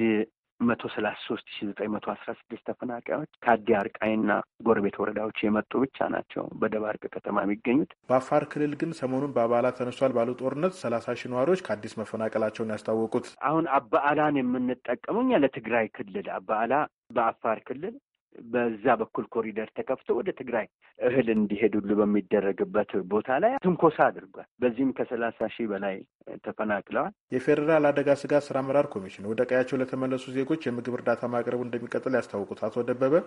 መቶ ሰላሳ ሶስት ሺ ዘጠኝ መቶ አስራ ስድስት ተፈናቃዮች ከአዲ አርቃይና ጎረቤት ወረዳዎች የመጡ ብቻ ናቸው በደባርቅ ከተማ የሚገኙት። በአፋር ክልል ግን ሰሞኑን በአባላት ተነስቷል ባሉ ጦርነት ሰላሳ ሺ ነዋሪዎች ከአዲስ መፈናቀላቸውን ያስታወቁት አሁን አበአላን የምንጠቀመው እኛ ለትግራይ ክልል አበአላ በአፋር ክልል በዛ በኩል ኮሪደር ተከፍቶ ወደ ትግራይ እህል እንዲሄዱሉ በሚደረግበት ቦታ ላይ ትንኮሳ አድርጓል። በዚህም ከሰላሳ ሺህ በላይ ተፈናቅለዋል። የፌዴራል አደጋ ስጋት ስራ አመራር ኮሚሽን ወደ ቀያቸው ለተመለሱ ዜጎች የምግብ እርዳታ ማቅረቡ እንደሚቀጥል ያስታወቁት አቶ ደበበ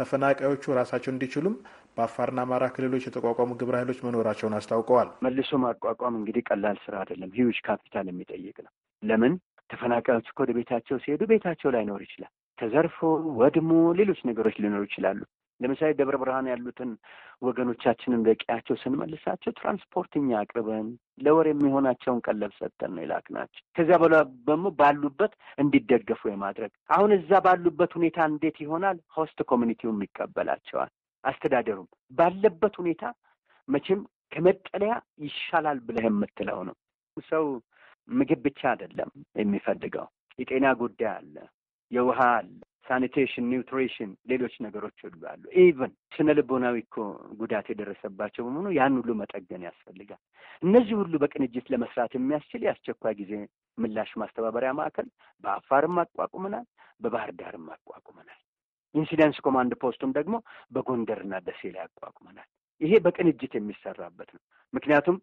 ተፈናቃዮቹ ራሳቸውን እንዲችሉም በአፋርና አማራ ክልሎች የተቋቋሙ ግብረ ኃይሎች መኖራቸውን አስታውቀዋል። መልሶ ማቋቋም እንግዲህ ቀላል ስራ አይደለም። ሂዩጅ ካፒታል የሚጠይቅ ነው። ለምን ተፈናቃዮች እኮ ወደ ቤታቸው ሲሄዱ ቤታቸው ላይኖር ይችላል። ተዘርፎ ወድሞ ሌሎች ነገሮች ሊኖሩ ይችላሉ። ለምሳሌ ደብረ ብርሃን ያሉትን ወገኖቻችንን በቂያቸው ስንመልሳቸው ትራንስፖርት እኛ አቅርበን ለወር የሚሆናቸውን ቀለብ ሰጥተን ነው የላክናቸው። ከዚያ በላ ደግሞ ባሉበት እንዲደገፉ የማድረግ አሁን እዛ ባሉበት ሁኔታ እንዴት ይሆናል? ሆስት ኮሚኒቲውም ይቀበላቸዋል። አስተዳደሩም ባለበት ሁኔታ መቼም ከመጠለያ ይሻላል ብለህ የምትለው ነው። ሰው ምግብ ብቻ አይደለም የሚፈልገው የጤና ጉዳይ አለ፣ የውሃ አለ፣ ሳኒቴሽን፣ ኒውትሪሽን፣ ሌሎች ነገሮች ሁሉ አሉ። ኢቨን ስነ ልቦናዊ እኮ ጉዳት የደረሰባቸው በመሆኑ ያን ሁሉ መጠገን ያስፈልጋል። እነዚህ ሁሉ በቅንጅት ለመስራት የሚያስችል የአስቸኳይ ጊዜ ምላሽ ማስተባበሪያ ማዕከል በአፋርም አቋቁመናል፣ በባህር ዳርም አቋቁመናል። ኢንሲደንስ ኮማንድ ፖስቱም ደግሞ በጎንደርና ደሴ ላይ አቋቁመናል። ይሄ በቅንጅት የሚሰራበት ነው። ምክንያቱም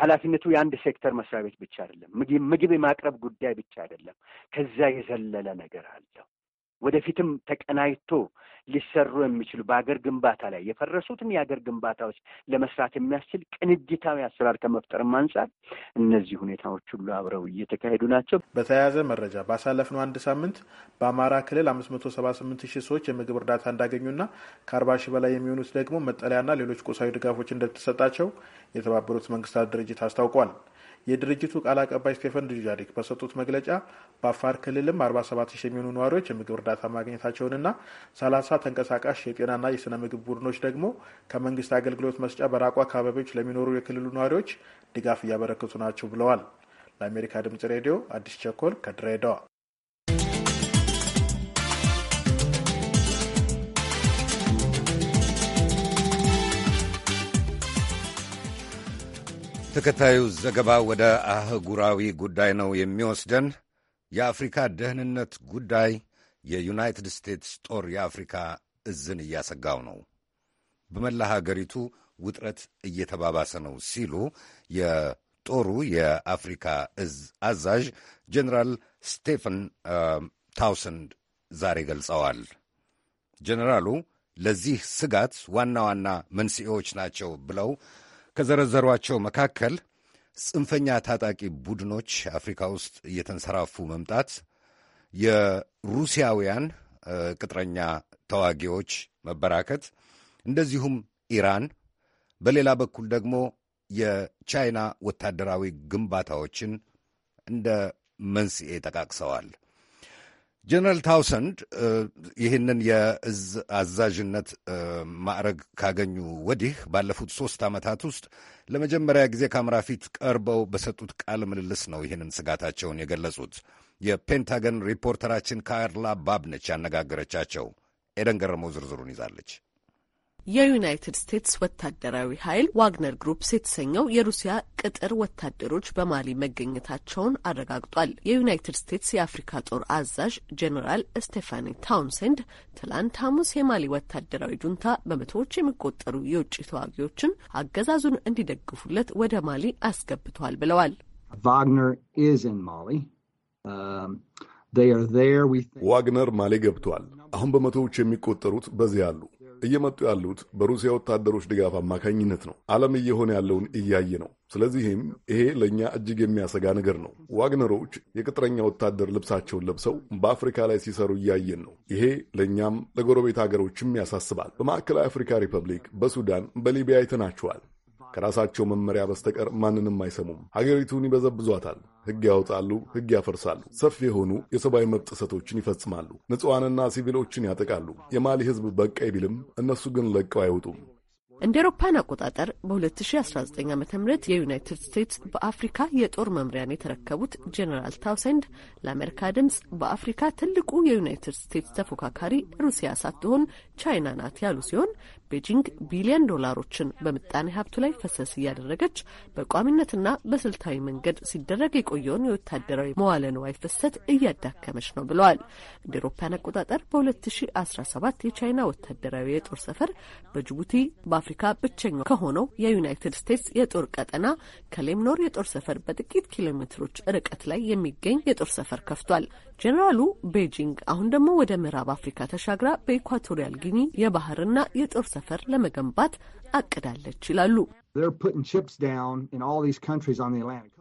ኃላፊነቱ የአንድ ሴክተር መስሪያ ቤት ብቻ አይደለም። ምግብ የማቅረብ ጉዳይ ብቻ አይደለም። ከዛ የዘለለ ነገር አለው። ወደፊትም ተቀናይቶ ሊሰሩ የሚችሉ በሀገር ግንባታ ላይ የፈረሱትን የሀገር ግንባታዎች ለመስራት የሚያስችል ቅንጅታዊ አሰራር ከመፍጠርም አንጻር እነዚህ ሁኔታዎች ሁሉ አብረው እየተካሄዱ ናቸው። በተያያዘ መረጃ ባሳለፍነው አንድ ሳምንት በአማራ ክልል አምስት መቶ ሰባ ስምንት ሺህ ሰዎች የምግብ እርዳታ እንዳገኙና ከአርባ ሺህ በላይ የሚሆኑት ደግሞ መጠለያና ሌሎች ቁሳዊ ድጋፎች እንደተሰጣቸው የተባበሩት መንግስታት ድርጅት አስታውቋል። የድርጅቱ ቃል አቀባይ ስቴፈን ዱጃሪክ በሰጡት መግለጫ በአፋር ክልልም 47 ሺህ የሚሆኑ ነዋሪዎች የምግብ እርዳታ ማግኘታቸውንና 30 ተንቀሳቃሽ የጤናና የስነ ምግብ ቡድኖች ደግሞ ከመንግስት አገልግሎት መስጫ በራቁ አካባቢዎች ለሚኖሩ የክልሉ ነዋሪዎች ድጋፍ እያበረከቱ ናቸው ብለዋል። ለአሜሪካ ድምጽ ሬዲዮ አዲስ ቸኮል ከድሬዳዋ ተከታዩ ዘገባ ወደ አህጉራዊ ጉዳይ ነው የሚወስደን። የአፍሪካ ደህንነት ጉዳይ የዩናይትድ ስቴትስ ጦር የአፍሪካ እዝን እያሰጋው ነው፣ በመላ ሀገሪቱ ውጥረት እየተባባሰ ነው ሲሉ የጦሩ የአፍሪካ እዝ አዛዥ ጀኔራል ስቴፈን ታውሰንድ ዛሬ ገልጸዋል። ጀኔራሉ ለዚህ ስጋት ዋና ዋና መንስኤዎች ናቸው ብለው ከዘረዘሯቸው መካከል ጽንፈኛ ታጣቂ ቡድኖች አፍሪካ ውስጥ እየተንሰራፉ መምጣት፣ የሩሲያውያን ቅጥረኛ ተዋጊዎች መበራከት፣ እንደዚሁም ኢራን፣ በሌላ በኩል ደግሞ የቻይና ወታደራዊ ግንባታዎችን እንደ መንስኤ ጠቃቅሰዋል። ጀነራል ታውሰንድ ይህንን የእዝ አዛዥነት ማዕረግ ካገኙ ወዲህ ባለፉት ሶስት ዓመታት ውስጥ ለመጀመሪያ ጊዜ ካምራ ፊት ቀርበው በሰጡት ቃለ ምልልስ ነው ይህንን ስጋታቸውን የገለጹት። የፔንታገን ሪፖርተራችን ካርላ ባብነች ያነጋገረቻቸው። ኤደን ገረመው ዝርዝሩን ይዛለች። የዩናይትድ ስቴትስ ወታደራዊ ኃይል ዋግነር ግሩፕስ የተሰኘው የሩሲያ ቅጥር ወታደሮች በማሊ መገኘታቸውን አረጋግጧል። የዩናይትድ ስቴትስ የአፍሪካ ጦር አዛዥ ጄኔራል ስቴፋኒ ታውንሴንድ ትላንት ሐሙስ የማሊ ወታደራዊ ጁንታ በመቶዎች የሚቆጠሩ የውጭ ተዋጊዎችን አገዛዙን እንዲደግፉለት ወደ ማሊ አስገብቷል ብለዋል። um, ዋግነር ማሊ ገብቷል። አሁን በመቶዎች የሚቆጠሩት በዚህ አሉ። እየመጡ ያሉት በሩሲያ ወታደሮች ድጋፍ አማካኝነት ነው። ዓለም እየሆነ ያለውን እያየ ነው። ስለዚህም ይሄ ለእኛ እጅግ የሚያሰጋ ነገር ነው። ዋግነሮች የቅጥረኛ ወታደር ልብሳቸውን ለብሰው በአፍሪካ ላይ ሲሰሩ እያየን ነው። ይሄ ለእኛም ለጎረቤት ሀገሮችም ያሳስባል። በማዕከላዊ አፍሪካ ሪፐብሊክ፣ በሱዳን፣ በሊቢያ አይተናቸዋል። ከራሳቸው መመሪያ በስተቀር ማንንም አይሰሙም። ሀገሪቱን ይበዘብዟታል፣ ሕግ ያወጣሉ፣ ሕግ ያፈርሳሉ፣ ሰፊ የሆኑ የሰብአዊ መብት ጥሰቶችን ይፈጽማሉ፣ ንጹሐንና ሲቪሎችን ያጠቃሉ። የማሊ ሕዝብ በቃይ ቢልም እነሱ ግን ለቀው አይወጡም። እንደ ኤሮፓን አቆጣጠር በ2019 ዓ ም የዩናይትድ ስቴትስ በአፍሪካ የጦር መምሪያን የተረከቡት ጀነራል ታውሰንድ ለአሜሪካ ድምፅ በአፍሪካ ትልቁ የዩናይትድ ስቴትስ ተፎካካሪ ሩሲያ ሳትሆን ቻይና ናት ያሉ ሲሆን ቤጂንግ ቢሊዮን ዶላሮችን በምጣኔ ሀብቱ ላይ ፈሰስ እያደረገች በቋሚነትና በስልታዊ መንገድ ሲደረግ የቆየውን የወታደራዊ መዋለ ንዋይ ፍሰት እያዳከመች ነው ብለዋል። እንደ ኤሮፓያን አቆጣጠር በ2017 የቻይና ወታደራዊ የጦር ሰፈር በጅቡቲ በአፍሪካ ብቸኛው ከሆነው የዩናይትድ ስቴትስ የጦር ቀጠና ከሌምኖር የጦር ሰፈር በጥቂት ኪሎ ሜትሮች ርቀት ላይ የሚገኝ የጦር ሰፈር ከፍቷል። ጄኔራሉ ቤጂንግ አሁን ደግሞ ወደ ምዕራብ አፍሪካ ተሻግራ በኢኳቶሪያል ጊኒ የባህርና የጦር ሰፈር ለመገንባት አቅዳለች ይላሉ።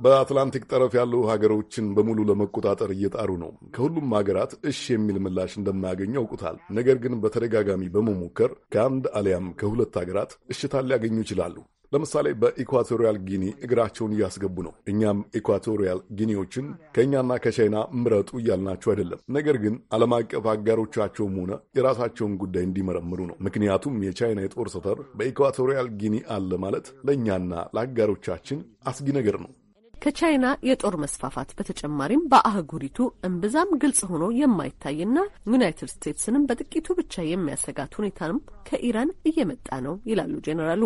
በአትላንቲክ ጠረፍ ያሉ ሀገሮችን በሙሉ ለመቆጣጠር እየጣሩ ነው። ከሁሉም ሀገራት እሺ የሚል ምላሽ እንደማያገኙ ያውቁታል። ነገር ግን በተደጋጋሚ በመሞከር ከአንድ አሊያም ከሁለት ሀገራት እሽታን ሊያገኙ ይችላሉ። ለምሳሌ በኢኳቶሪያል ጊኒ እግራቸውን እያስገቡ ነው። እኛም ኢኳቶሪያል ጊኒዎችን ከእኛና ከቻይና ምረጡ እያልናቸው አይደለም። ነገር ግን ዓለም አቀፍ አጋሮቻቸውም ሆነ የራሳቸውን ጉዳይ እንዲመረምሩ ነው። ምክንያቱም የቻይና የጦር ሰፈር በኢኳቶሪያል ጊኒ አለ ማለት ለእኛና ለአጋሮቻችን አስጊ ነገር ነው። ከቻይና የጦር መስፋፋት በተጨማሪም በአህጉሪቱ እምብዛም ግልጽ ሆኖ የማይታይና ዩናይትድ ስቴትስንም በጥቂቱ ብቻ የሚያሰጋት ሁኔታንም ከኢራን እየመጣ ነው ይላሉ ጄኔራሉ።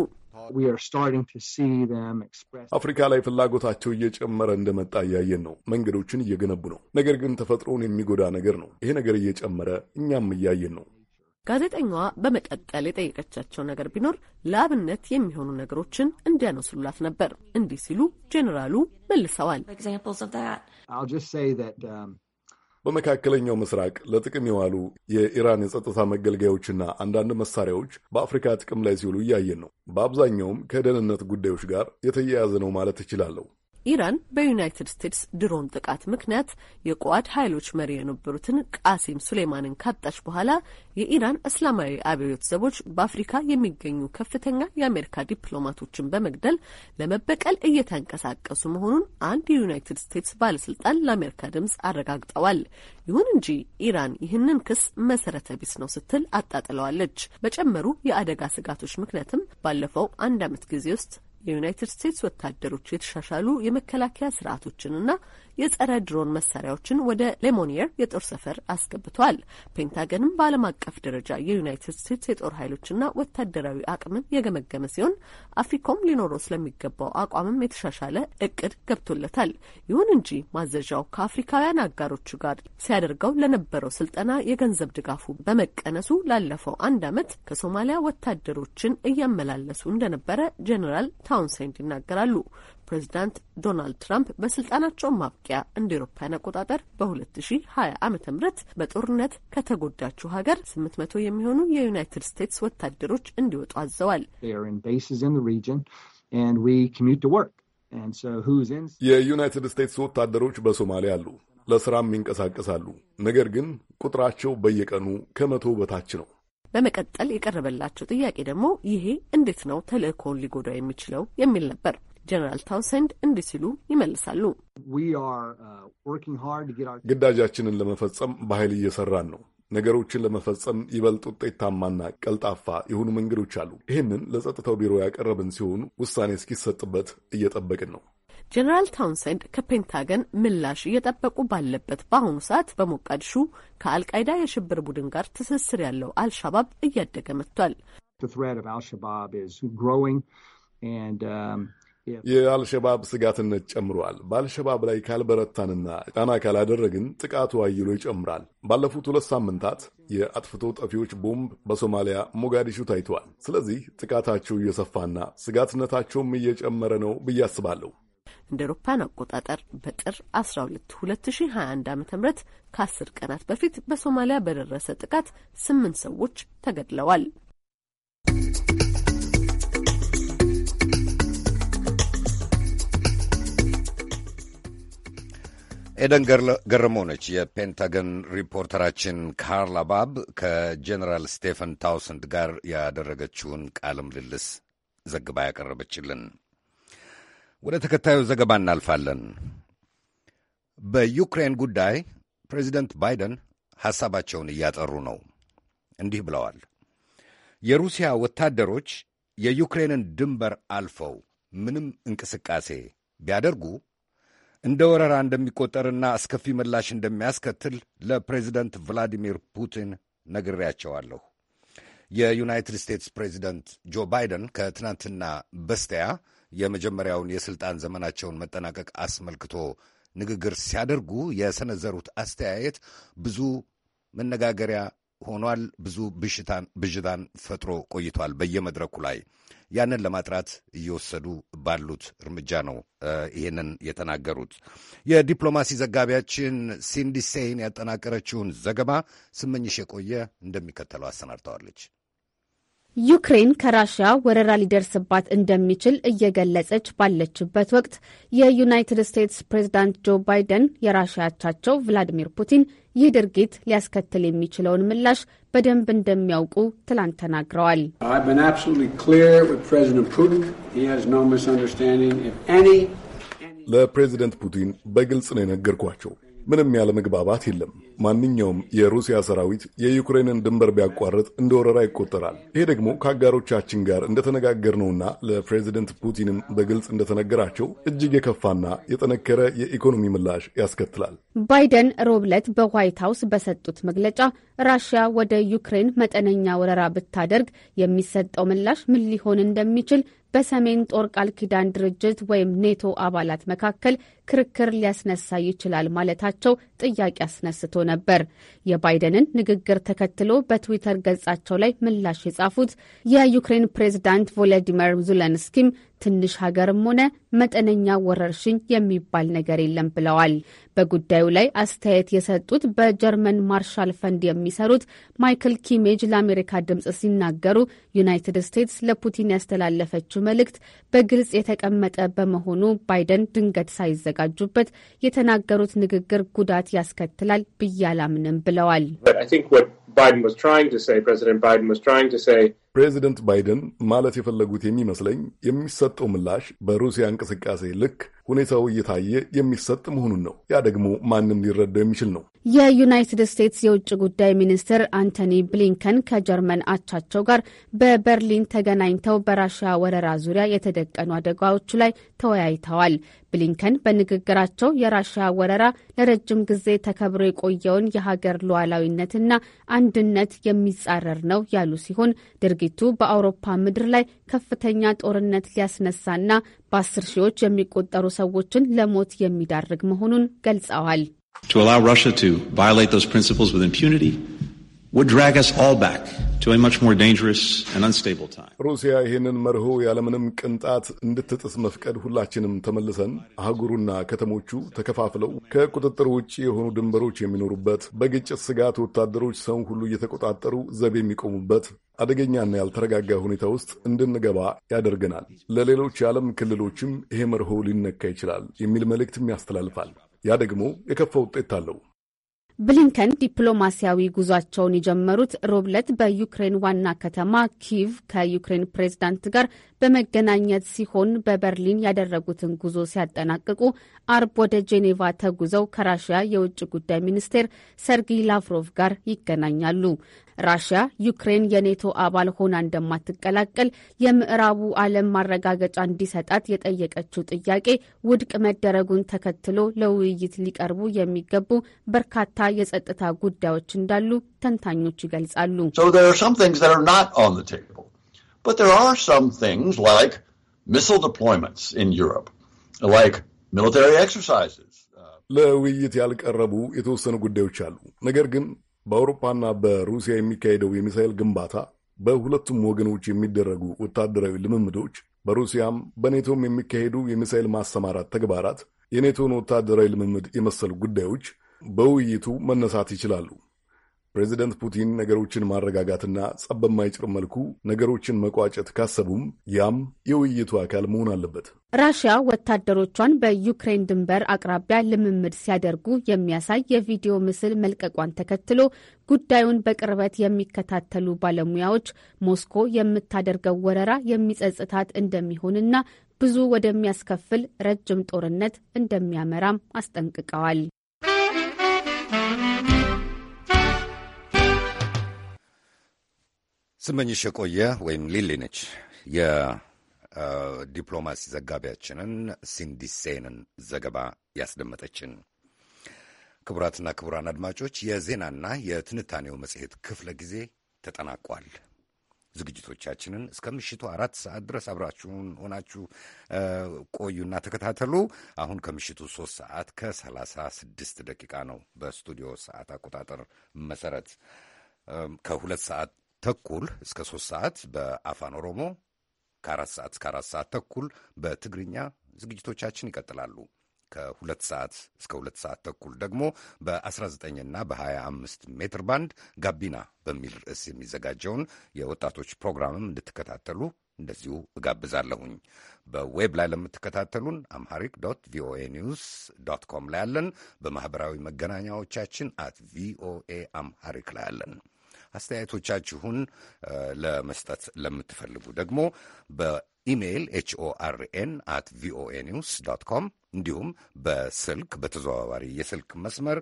አፍሪካ ላይ ፍላጎታቸው እየጨመረ እንደመጣ እያየን ነው። መንገዶችን እየገነቡ ነው። ነገር ግን ተፈጥሮን የሚጎዳ ነገር ነው። ይሄ ነገር እየጨመረ እኛም እያየን ነው። ጋዜጠኛዋ በመቀጠል የጠየቀቻቸው ነገር ቢኖር ለአብነት የሚሆኑ ነገሮችን እንዲያነሱላት ነበር። እንዲህ ሲሉ ጄኔራሉ መልሰዋል። በመካከለኛው ምስራቅ ለጥቅም የዋሉ የኢራን የጸጥታ መገልገያዎችና አንዳንድ መሳሪያዎች በአፍሪካ ጥቅም ላይ ሲውሉ እያየን ነው። በአብዛኛውም ከደህንነት ጉዳዮች ጋር የተያያዘ ነው ማለት እችላለሁ። ኢራን በዩናይትድ ስቴትስ ድሮን ጥቃት ምክንያት የቋድ ኃይሎች መሪ የነበሩትን ቃሲም ሱሌማንን ካጣች በኋላ የኢራን እስላማዊ አብዮት ዘቦች በአፍሪካ የሚገኙ ከፍተኛ የአሜሪካ ዲፕሎማቶችን በመግደል ለመበቀል እየተንቀሳቀሱ መሆኑን አንድ የዩናይትድ ስቴትስ ባለስልጣን ለአሜሪካ ድምጽ አረጋግጠዋል። ይሁን እንጂ ኢራን ይህንን ክስ መሰረተ ቢስ ነው ስትል አጣጥለዋለች። በጨመሩ የአደጋ ስጋቶች ምክንያትም ባለፈው አንድ ዓመት ጊዜ ውስጥ የዩናይትድ ስቴትስ ወታደሮች የተሻሻሉ የመከላከያ ስርዓቶችንና የጸረ ድሮን መሳሪያዎችን ወደ ሌሞኒየር የጦር ሰፈር አስገብቷል። ፔንታገንም በዓለም አቀፍ ደረጃ የዩናይትድ ስቴትስ የጦር ኃይሎችና ወታደራዊ አቅምን የገመገመ ሲሆን አፍሪኮም ሊኖረው ስለሚገባው አቋምም የተሻሻለ እቅድ ገብቶለታል። ይሁን እንጂ ማዘዣው ከአፍሪካውያን አጋሮቹ ጋር ሲያደርገው ለነበረው ስልጠና የገንዘብ ድጋፉ በመቀነሱ ላለፈው አንድ ዓመት ከሶማሊያ ወታደሮችን እያመላለሱ እንደነበረ ጀኔራል ታውንሰንድ ይናገራሉ። ፕሬዚዳንት ዶናልድ ትራምፕ በስልጣናቸው ማብቂያ እንደ ኤሮፓያን አቆጣጠር በ2020 ዓ.ም በጦርነት ከተጎዳችው ሀገር 800 የሚሆኑ የዩናይትድ ስቴትስ ወታደሮች እንዲወጡ አዘዋል። የዩናይትድ ስቴትስ ወታደሮች በሶማሊያ አሉ፣ ለስራም ይንቀሳቀሳሉ። ነገር ግን ቁጥራቸው በየቀኑ ከመቶ በታች ነው። በመቀጠል የቀረበላቸው ጥያቄ ደግሞ ይሄ እንዴት ነው ተልእኮውን ሊጎዳ የሚችለው የሚል ነበር። ጀነራል ታውሰንድ እንዲህ ሲሉ ይመልሳሉ። uh, ግዳጃችንን ለመፈጸም በኃይል እየሰራን ነው። ነገሮችን ለመፈጸም ይበልጥ ውጤታማና ቀልጣፋ የሆኑ መንገዶች አሉ። ይህንን ለጸጥታው ቢሮ ያቀረብን ሲሆን ውሳኔ እስኪሰጥበት እየጠበቅን ነው። ጀነራል ታውንሰንድ ከፔንታገን ምላሽ እየጠበቁ ባለበት በአሁኑ ሰዓት በሞቃዲሹ ከአልቃይዳ የሽብር ቡድን ጋር ትስስር ያለው አልሻባብ እያደገ መጥቷል። የአልሸባብ ስጋትነት ጨምሯል። በአልሸባብ ላይ ካልበረታንና ጫና ካላደረግን ጥቃቱ አይሎ ይጨምራል። ባለፉት ሁለት ሳምንታት የአጥፍቶ ጠፊዎች ቦምብ በሶማሊያ ሞጋዲሹ ታይተዋል። ስለዚህ ጥቃታቸው እየሰፋና ስጋትነታቸውም እየጨመረ ነው ብዬ አስባለሁ። እንደ አውሮፓን አቆጣጠር በጥር 12 2021 ዓ ም ከ10 ቀናት በፊት በሶማሊያ በደረሰ ጥቃት ስምንት ሰዎች ተገድለዋል። ኤደን ገረመው ነች የፔንታገን ሪፖርተራችን። ካርላ ባብ ከጀኔራል ስቴፈን ታውሰንድ ጋር ያደረገችውን ቃለ ምልልስ ዘግባ ያቀረበችልን። ወደ ተከታዩ ዘገባ እናልፋለን። በዩክሬን ጉዳይ ፕሬዚደንት ባይደን ሐሳባቸውን እያጠሩ ነው። እንዲህ ብለዋል። የሩሲያ ወታደሮች የዩክሬንን ድንበር አልፈው ምንም እንቅስቃሴ ቢያደርጉ እንደ ወረራ እንደሚቆጠርና አስከፊ ምላሽ እንደሚያስከትል ለፕሬዚደንት ቭላዲሚር ፑቲን ነግሬያቸዋለሁ። የዩናይትድ ስቴትስ ፕሬዚደንት ጆ ባይደን ከትናንትና በስቲያ የመጀመሪያውን የሥልጣን ዘመናቸውን መጠናቀቅ አስመልክቶ ንግግር ሲያደርጉ የሰነዘሩት አስተያየት ብዙ መነጋገሪያ ሆኗል። ብዙ ብዥታን ፈጥሮ ቆይቷል በየመድረኩ ላይ ያንን ለማጥራት እየወሰዱ ባሉት እርምጃ ነው ይህንን የተናገሩት። የዲፕሎማሲ ዘጋቢያችን ሲንዲሴይን ያጠናቀረችውን ዘገባ ስመኝሽ የቆየ እንደሚከተለው አሰናድተዋለች። ዩክሬን ከራሽያ ወረራ ሊደርስባት እንደሚችል እየገለጸች ባለችበት ወቅት የዩናይትድ ስቴትስ ፕሬዝዳንት ጆ ባይደን የራሽያ አቻቸው ቭላዲሚር ፑቲን ይህ ድርጊት ሊያስከትል የሚችለውን ምላሽ በደንብ እንደሚያውቁ ትላንት ተናግረዋል። ለፕሬዚደንት ፑቲን በግልጽ ነው የነገርኳቸው። ምንም ያለ መግባባት የለም። ማንኛውም የሩሲያ ሰራዊት የዩክሬንን ድንበር ቢያቋርጥ እንደ ወረራ ይቆጠራል። ይሄ ደግሞ ከአጋሮቻችን ጋር እንደተነጋገርነውና ለፕሬዚደንት ፑቲንም በግልጽ እንደተነገራቸው እጅግ የከፋና የጠነከረ የኢኮኖሚ ምላሽ ያስከትላል። ባይደን ሮብለት በዋይት ሀውስ በሰጡት መግለጫ ራሽያ ወደ ዩክሬን መጠነኛ ወረራ ብታደርግ የሚሰጠው ምላሽ ምን ሊሆን እንደሚችል በሰሜን ጦር ቃል ኪዳን ድርጅት ወይም ኔቶ አባላት መካከል ክርክር ሊያስነሳ ይችላል ማለታቸው ጥያቄ አስነስቶ ነበር። የባይደንን ንግግር ተከትሎ በትዊተር ገጻቸው ላይ ምላሽ የጻፉት የዩክሬን ፕሬዝዳንት ቮሎዲሚር ዙለንስኪም ትንሽ ሀገርም ሆነ መጠነኛ ወረርሽኝ የሚባል ነገር የለም ብለዋል። በጉዳዩ ላይ አስተያየት የሰጡት በጀርመን ማርሻል ፈንድ የሚሰሩት ማይክል ኪሜጅ ለአሜሪካ ድምፅ ሲናገሩ ዩናይትድ ስቴትስ ለፑቲን ያስተላለፈችው መልእክት በግልጽ የተቀመጠ በመሆኑ ባይደን ድንገት ሳይዘጋጁበት የተናገሩት ንግግር ጉዳት ያስከትላል ብዬ አላምንም ብለዋል። ፕሬዚደንት ባይደን ማለት የፈለጉት የሚመስለኝ የሚሰጠው ምላሽ በሩሲያ እንቅስቃሴ ልክ ሁኔታው እየታየ የሚሰጥ መሆኑን ነው። ያ ደግሞ ማንም ሊረዳው የሚችል ነው። የዩናይትድ ስቴትስ የውጭ ጉዳይ ሚኒስትር አንቶኒ ብሊንከን ከጀርመን አቻቸው ጋር በበርሊን ተገናኝተው በራሽያ ወረራ ዙሪያ የተደቀኑ አደጋዎች ላይ ተወያይተዋል። ብሊንከን በንግግራቸው የራሽያ ወረራ ለረጅም ጊዜ ተከብሮ የቆየውን የሀገር ሉዓላዊነትና አንድነት የሚጻረር ነው ያሉ ሲሆን ድርጊቱ በአውሮፓ ምድር ላይ ከፍተኛ ጦርነት ሊያስነሳና በአስር ሺዎች የሚቆጠሩ ሰዎችን ለሞት የሚዳርግ መሆኑን ገልጸዋል። ሩሲያ ይህንን መርሆ ያለምንም ቅንጣት እንድትጥስ መፍቀድ ሁላችንም ተመልሰን አህጉሩና ከተሞቹ ተከፋፍለው ከቁጥጥር ውጭ የሆኑ ድንበሮች የሚኖሩበት በግጭት ስጋት ወታደሮች ሰውን ሁሉ እየተቆጣጠሩ ዘብ የሚቆሙበት አደገኛና ያልተረጋጋ ሁኔታ ውስጥ እንድንገባ ያደርገናል። ለሌሎች የዓለም ክልሎችም ይሄ መርሆ ሊነካ ይችላል የሚል መልእክትም ያስተላልፋል። ያ ደግሞ የከፋ ውጤት አለው። ብሊንከን ዲፕሎማሲያዊ ጉዟቸውን የጀመሩት ሮብለት በዩክሬን ዋና ከተማ ኪቭ ከዩክሬን ፕሬዝዳንት ጋር በመገናኘት ሲሆን በበርሊን ያደረጉትን ጉዞ ሲያጠናቅቁ አርብ ወደ ጄኔቫ ተጉዘው ከራሽያ የውጭ ጉዳይ ሚኒስቴር ሰርጊ ላቭሮቭ ጋር ይገናኛሉ። ራሽያ ዩክሬን የኔቶ አባል ሆና እንደማትቀላቀል የምዕራቡ ዓለም ማረጋገጫ እንዲሰጣት የጠየቀችው ጥያቄ ውድቅ መደረጉን ተከትሎ ለውይይት ሊቀርቡ የሚገቡ በርካታ የጸጥታ ጉዳዮች እንዳሉ ተንታኞች ይገልጻሉ። ለውይይት ያልቀረቡ የተወሰኑ ጉዳዮች አሉ። ነገር ግን በአውሮፓና በሩሲያ የሚካሄደው የሚሳኤል ግንባታ በሁለቱም ወገኖች የሚደረጉ ወታደራዊ ልምምዶች በሩሲያም በኔቶም የሚካሄዱ የሚሳኤል ማሰማራት ተግባራት የኔቶን ወታደራዊ ልምምድ የመሰሉ ጉዳዮች በውይይቱ መነሳት ይችላሉ። ፕሬዚደንት ፑቲን ነገሮችን ማረጋጋትና ጸብ በማይጭር መልኩ ነገሮችን መቋጨት ካሰቡም ያም የውይይቱ አካል መሆን አለበት። ራሽያ ወታደሮቿን በዩክሬን ድንበር አቅራቢያ ልምምድ ሲያደርጉ የሚያሳይ የቪዲዮ ምስል መልቀቋን ተከትሎ ጉዳዩን በቅርበት የሚከታተሉ ባለሙያዎች ሞስኮ የምታደርገው ወረራ የሚጸጽታት እንደሚሆንና ብዙ ወደሚያስከፍል ረጅም ጦርነት እንደሚያመራም አስጠንቅቀዋል። ስመኝሽ የቆየ ወይም ሊሊ ነች የዲፕሎማሲ ዘጋቢያችንን ሲንዲሴንን ዘገባ ያስደመጠችን። ክቡራትና ክቡራን አድማጮች የዜናና የትንታኔው መጽሔት ክፍለ ጊዜ ተጠናቋል። ዝግጅቶቻችንን እስከ ምሽቱ አራት ሰዓት ድረስ አብራችሁን ሆናችሁ ቆዩና ተከታተሉ። አሁን ከምሽቱ ሶስት ሰዓት ከሰላሳ ስድስት ደቂቃ ነው በስቱዲዮ ሰዓት አቆጣጠር መሰረት ከሁለት ሰዓት ተኩል እስከ ሶስት ሰዓት በአፋን ኦሮሞ ከአራት ሰዓት እስከ አራት ሰዓት ተኩል በትግርኛ ዝግጅቶቻችን ይቀጥላሉ። ከሁለት ሰዓት እስከ ሁለት ሰዓት ተኩል ደግሞ በ19ና በ25 ሜትር ባንድ ጋቢና በሚል ርዕስ የሚዘጋጀውን የወጣቶች ፕሮግራምም እንድትከታተሉ እንደዚሁ እጋብዛለሁኝ። በዌብ ላይ ለምትከታተሉን አምሃሪክ ዶት ቪኦኤ ኒውስ ዶት ኮም ላይ አለን። በማኅበራዊ መገናኛዎቻችን አት ቪኦኤ አምሃሪክ ላይ አለን። አስተያየቶቻችሁን ለመስጠት ለምትፈልጉ ደግሞ በኢሜይል ኤችኦአርኤን አት ቪኦኤ ኒውስ ዶት ኮም እንዲሁም በስልክ በተዘዋዋሪ የስልክ መስመር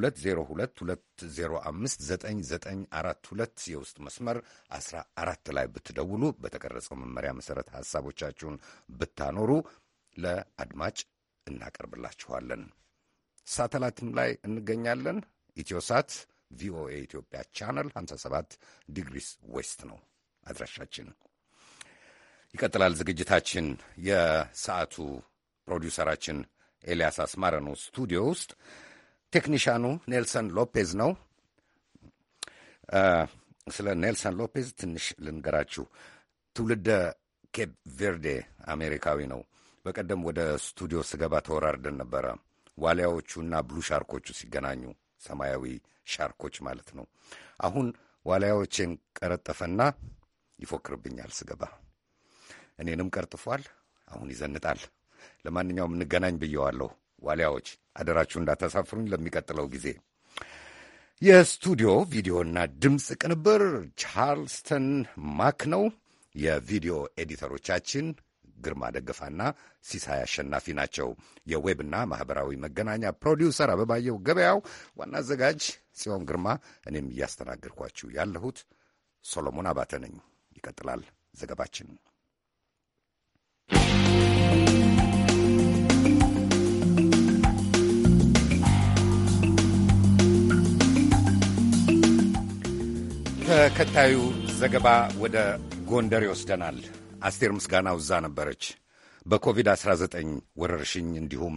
2022059942 የውስጥ መስመር 14 ላይ ብትደውሉ በተቀረጸው መመሪያ መሰረት ሐሳቦቻችሁን ብታኖሩ ለአድማጭ እናቀርብላችኋለን። ሳተላይትም ላይ እንገኛለን። ኢትዮሳት ቪኦኤ ኢትዮጵያ ቻናል 57 ዲግሪስ ዌስት ነው አድራሻችን። ይቀጥላል ዝግጅታችን። የሰዓቱ ፕሮዲውሰራችን ኤልያስ አስማረ ነው ስቱዲዮ ውስጥ። ቴክኒሻኑ ኔልሰን ሎፔዝ ነው። ስለ ኔልሰን ሎፔዝ ትንሽ ልንገራችሁ። ትውልደ ኬፕ ቬርዴ አሜሪካዊ ነው። በቀደም ወደ ስቱዲዮ ስገባ ተወራርደን ነበረ ዋሊያዎቹና ብሉ ሻርኮቹ ሲገናኙ ሰማያዊ ሻርኮች ማለት ነው። አሁን ዋልያዎቼን ቀረጠፈና ይፎክርብኛል ስገባ። እኔንም ቀርጥፏል። አሁን ይዘንጣል። ለማንኛውም እንገናኝ ብየዋለሁ። ዋልያዎች አደራችሁ እንዳታሳፍሩኝ ለሚቀጥለው ጊዜ። የስቱዲዮ ቪዲዮና ድምፅ ቅንብር ቻርልስተን ማክ ነው። የቪዲዮ ኤዲተሮቻችን ግርማ ደገፋና ሲሳይ አሸናፊ ናቸው። የዌብና ማህበራዊ መገናኛ ፕሮዲውሰር አበባየው ገበያው፣ ዋና አዘጋጅ ጽዮን ግርማ፣ እኔም እያስተናገድኳችሁ ያለሁት ሶሎሞን አባተ ነኝ። ይቀጥላል ዘገባችን። ተከታዩ ዘገባ ወደ ጎንደር ይወስደናል። አስቴር ምስጋናው እዛ ነበረች። በኮቪድ-19 ወረርሽኝ እንዲሁም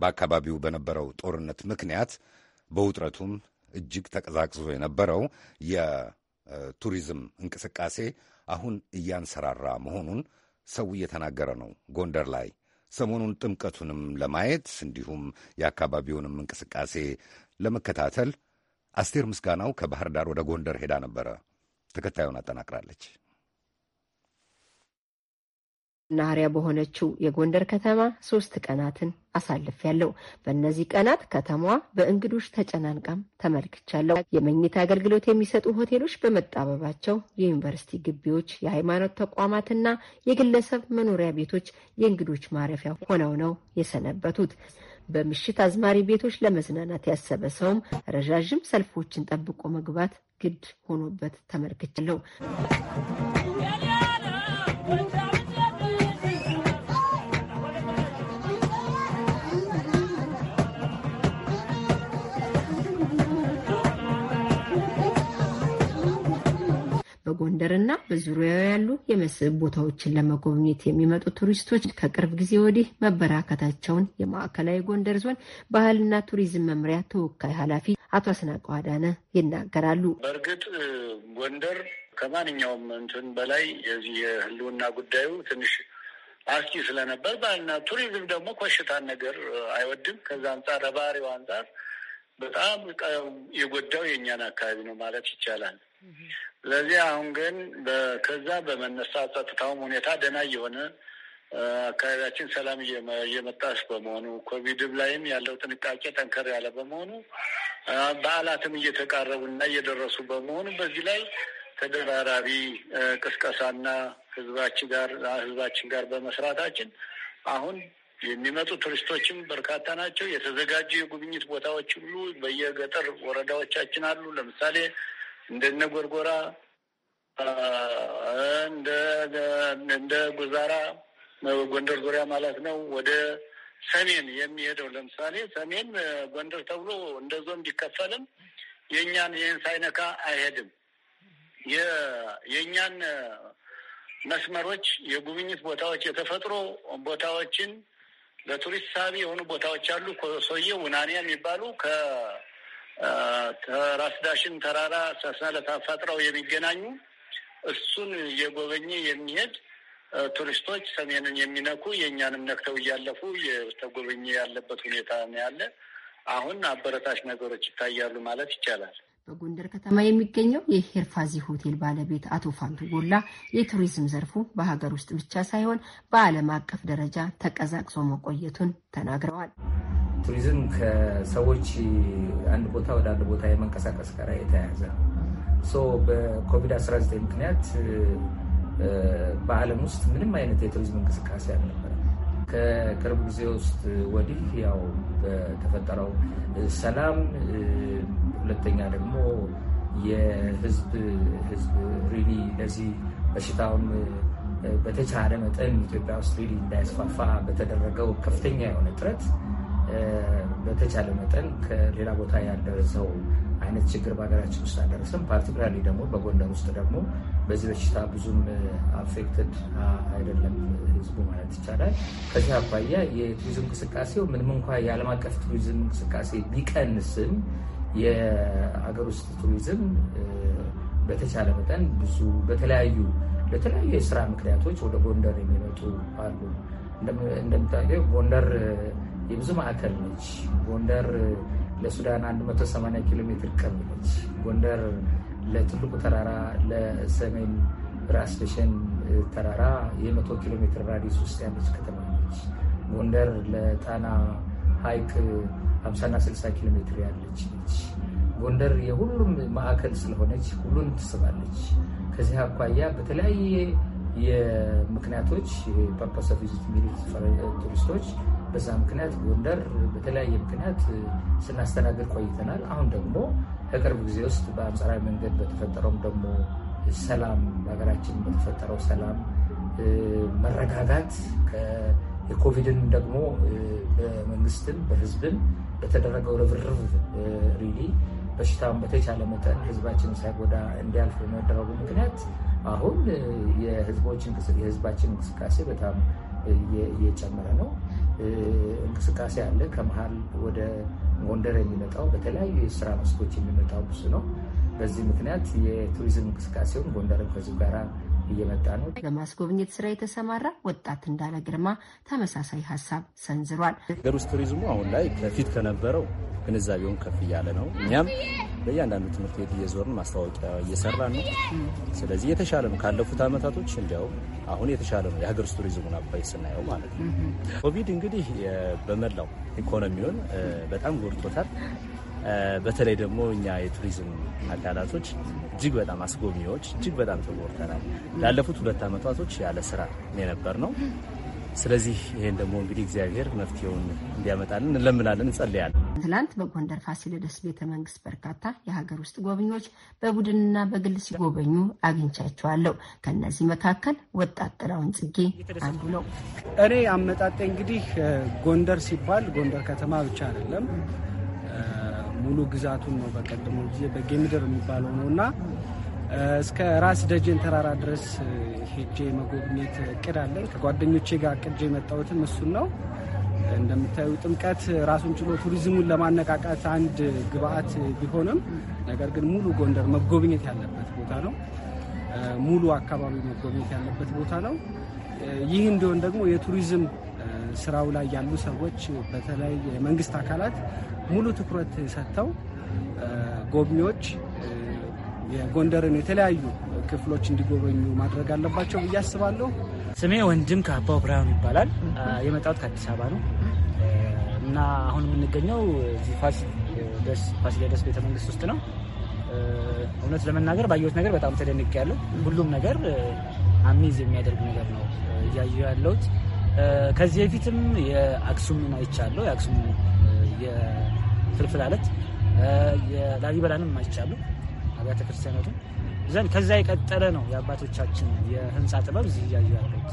በአካባቢው በነበረው ጦርነት ምክንያት በውጥረቱም እጅግ ተቀዛቅዞ የነበረው የቱሪዝም እንቅስቃሴ አሁን እያንሰራራ መሆኑን ሰው እየተናገረ ነው። ጎንደር ላይ ሰሞኑን ጥምቀቱንም ለማየት እንዲሁም የአካባቢውንም እንቅስቃሴ ለመከታተል አስቴር ምስጋናው ከባህር ዳር ወደ ጎንደር ሄዳ ነበረ። ተከታዩን አጠናቅራለች። ናሪያ በሆነችው የጎንደር ከተማ ሶስት ቀናትን ያለው በእነዚህ ቀናት ከተማዋ በእንግዶች ተጨናንቃም ተመልክቻለሁ። የመኝታ አገልግሎት የሚሰጡ ሆቴሎች በመጣበባቸው የዩኒቨርሲቲ ግቢዎች፣ የሃይማኖት ተቋማትና የግለሰብ መኖሪያ ቤቶች የእንግዶች ማረፊያ ሆነው ነው የሰነበቱት። በምሽት አዝማሪ ቤቶች ለመዝናናት ያሰበ ሰውም ረዣዥም ሰልፎችን ጠብቆ መግባት ግድ ሆኖበት ተመልክቻለሁ። እና በዙሪያው ያሉ የመስህብ ቦታዎችን ለመጎብኘት የሚመጡ ቱሪስቶች ከቅርብ ጊዜ ወዲህ መበራከታቸውን የማዕከላዊ ጎንደር ዞን ባህልና ቱሪዝም መምሪያ ተወካይ ኃላፊ አቶ አስናቀው አዳነ ይናገራሉ። በእርግጥ ጎንደር ከማንኛውም እንትን በላይ የዚህ የህልውና ጉዳዩ ትንሽ አስኪ ስለነበር ባህልና ቱሪዝም ደግሞ ኮሽታን ነገር አይወድም። ከዛ አንጻር ነባሪው አንጻር በጣም የጎዳው የእኛን አካባቢ ነው ማለት ይቻላል። ስለዚህ አሁን ግን ከዛ በመነሳ ጸጥታውም ሁኔታ ደህና እየሆነ አካባቢያችን ሰላም እየመጣስ በመሆኑ ኮቪድም ላይም ያለው ጥንቃቄ ጠንከር ያለ በመሆኑ በዓላትም እየተቃረቡ እና እየደረሱ በመሆኑ በዚህ ላይ ተደራራቢ ቅስቀሳና ህዝባችን ጋር ህዝባችን ጋር በመስራታችን አሁን የሚመጡ ቱሪስቶችም በርካታ ናቸው። የተዘጋጁ የጉብኝት ቦታዎች ሁሉ በየገጠር ወረዳዎቻችን አሉ። ለምሳሌ እንደነ ጎርጎራ፣ እንደ ጉዛራ ጎንደር ዙሪያ ማለት ነው። ወደ ሰሜን የሚሄደው ለምሳሌ ሰሜን ጎንደር ተብሎ እንደ ዞን ቢከፈልም የእኛን ይህን ሳይነካ አይሄድም። የእኛን መስመሮች፣ የጉብኝት ቦታዎች፣ የተፈጥሮ ቦታዎችን ለቱሪስት ሳቢ የሆኑ ቦታዎች አሉ። ሰውዬ ውናኒያ የሚባሉ ከራስ ዳሽን ተራራ ሰሰለት አፋጥረው የሚገናኙ እሱን እየጎበኘ የሚሄድ ቱሪስቶች ሰሜንን የሚነኩ የእኛንም ነክተው እያለፉ የተጎበኘ ያለበት ሁኔታ ነው ያለ። አሁን አበረታች ነገሮች ይታያሉ ማለት ይቻላል። በጎንደር ከተማ የሚገኘው የሄርፋዚ ሆቴል ባለቤት አቶ ፋንቱ ጎላ የቱሪዝም ዘርፉ በሀገር ውስጥ ብቻ ሳይሆን በዓለም አቀፍ ደረጃ ተቀዛቅሶ መቆየቱን ተናግረዋል። ቱሪዝም ከሰዎች አንድ ቦታ ወደ አንድ ቦታ የመንቀሳቀስ ጋር የተያያዘ ነው። በኮቪድ-19 ምክንያት በዓለም ውስጥ ምንም አይነት የቱሪዝም እንቅስቃሴ አልነበረ። ከቅርብ ጊዜ ውስጥ ወዲህ ያው በተፈጠረው ሰላም ሁለተኛ ደግሞ የህዝብ ህዝብ ሪሊ ለዚህ በሽታውን በተቻለ መጠን ኢትዮጵያ ውስጥ ሪሊ እንዳያስፋፋ በተደረገው ከፍተኛ የሆነ ጥረት በተቻለ መጠን ከሌላ ቦታ ያልደረሰው አይነት ችግር በሀገራችን ውስጥ አልደረሰም። ፓርቲኩላርሊ ደግሞ በጎንደር ውስጥ ደግሞ በዚህ በሽታ ብዙም አፌክትድ አይደለም ህዝቡ ማለት ይቻላል። ከዚህ አኳያ የቱሪዝም እንቅስቃሴው ምንም እንኳ የዓለም አቀፍ ቱሪዝም እንቅስቃሴ ቢቀንስም የሀገር ውስጥ ቱሪዝም በተቻለ መጠን ብዙ በተለያዩ በተለያዩ የስራ ምክንያቶች ወደ ጎንደር የሚመጡ አሉ። እንደምታውቀው ጎንደር የብዙ ማዕከል ነች። ጎንደር ለሱዳን 180 ኪሎ ሜትር ቅርብ ነች። ጎንደር ለትልቁ ተራራ ለሰሜን ራስ ተራራ የ100 ኪሎ ሜትር ራዲስ ውስጥ ያለች ከተማ ነች። ጎንደር ለጣና ሐይቅ ሀምሳና ስልሳ ኪሎ ሜትር ያለች ነች። ጎንደር የሁሉም ማዕከል ስለሆነች ሁሉን ትስባለች። ከዚህ አኳያ በተለያየ የምክንያቶች ፐርፖስ ቪዚት የሚሉት ቱሪስቶች በዛ ምክንያት ጎንደር በተለያየ ምክንያት ስናስተናግድ ቆይተናል። አሁን ደግሞ ከቅርብ ጊዜ ውስጥ በአንጻራዊ መንገድ በተፈጠረውም ደግሞ ሰላም በሀገራችን በተፈጠረው ሰላም መረጋጋት የኮቪድን ደግሞ በመንግስትም በህዝብም በተደረገው ርብርብ ሪሊ በሽታውን በተቻለ መጠን ህዝባችን ሳይጎዳ እንዲያልፍ በመደረጉ ምክንያት አሁን የህዝባችን እንቅስቃሴ በጣም እየጨመረ ነው። እንቅስቃሴ አለ። ከመሀል ወደ ጎንደር የሚመጣው በተለያዩ የስራ መስኮች የሚመጣው ብዙ ነው። በዚህ ምክንያት የቱሪዝም እንቅስቃሴውን ጎንደርም ከዚሁ ጋራ እየመጣ ነው። ለማስጎብኘት ስራ የተሰማራ ወጣት እንዳለ ግርማ ተመሳሳይ ሀሳብ ሰንዝሯል። ሀገር ውስጥ ቱሪዝሙ አሁን ላይ ከፊት ከነበረው ግንዛቤውን ከፍ እያለ ነው። እኛም በእያንዳንዱ ትምህርት ቤት እየዞርን ማስታወቂያ እየሰራ ነው። ስለዚህ የተሻለ ነው ካለፉት አመታቶች፣ እንዲያውም አሁን የተሻለ ነው የሀገር ውስጥ ቱሪዝሙን አባይ ስናየው ማለት ነው። ኮቪድ እንግዲህ በመላው ኢኮኖሚውን በጣም ጎድቶታል። በተለይ ደግሞ እኛ የቱሪዝም አካላቶች እጅግ በጣም አስጎብኚዎች እጅግ በጣም ተጎድተናል። ላለፉት ሁለት ዓመታቶች ያለ ስራ የነበር ነው። ስለዚህ ይህን ደግሞ እንግዲህ እግዚአብሔር መፍትሄውን እንዲያመጣልን እንለምናለን፣ እንጸልያለን። ትላንት በጎንደር ፋሲለደስ ቤተ መንግስት በርካታ የሀገር ውስጥ ጎብኚዎች በቡድንና በግል ሲጎበኙ አግኝቻቸዋለሁ። ከእነዚህ መካከል ወጣት ጥላውን ጽጌ አንዱ ነው። እኔ አመጣጤ እንግዲህ ጎንደር ሲባል ጎንደር ከተማ ብቻ አይደለም ሙሉ ግዛቱን ነው በቀድሞ ጊዜ በጌምድር የሚባለው ነው እና እስከ ራስ ደጀን ተራራ ድረስ ሄጄ መጎብኘት እቅድ አለኝ። ከጓደኞቼ ጋር ቅጄ የመጣሁትም እሱን ነው። እንደምታዩ ጥምቀት ራሱን ችሎ ቱሪዝሙን ለማነቃቃት አንድ ግብአት ቢሆንም ነገር ግን ሙሉ ጎንደር መጎብኘት ያለበት ቦታ ነው። ሙሉ አካባቢ መጎብኘት ያለበት ቦታ ነው። ይህ እንዲሆን ደግሞ የቱሪዝም ስራው ላይ ያሉ ሰዎች በተለይ የመንግስት አካላት ሙሉ ትኩረት ሰጥተው ጎብኚዎች የጎንደርን የተለያዩ ክፍሎች እንዲጎበኙ ማድረግ አለባቸው ብዬ አስባለሁ። ስሜ ወንድም ከአባው ብርሃኑ ይባላል። የመጣሁት ከአዲስ አበባ ነው እና አሁን የምንገኘው እዚህ ፋሲለደስ ቤተመንግስት ውስጥ ነው። እውነት ለመናገር ባየሁት ነገር በጣም ተደንቅ ያለው ሁሉም ነገር አሚዝ የሚያደርግ ነገር ነው እያዩ ያለሁት። ከዚህ በፊትም የአክሱምን አይቻለሁ። የአክሱም ፍልፍል አለት ላሊበላንም አይቻሉ አብያተ ክርስቲያናቱ ዘንድ ከዛ የቀጠለ ነው የአባቶቻችን የህንፃ ጥበብ እዚህ እያዩ ያሉት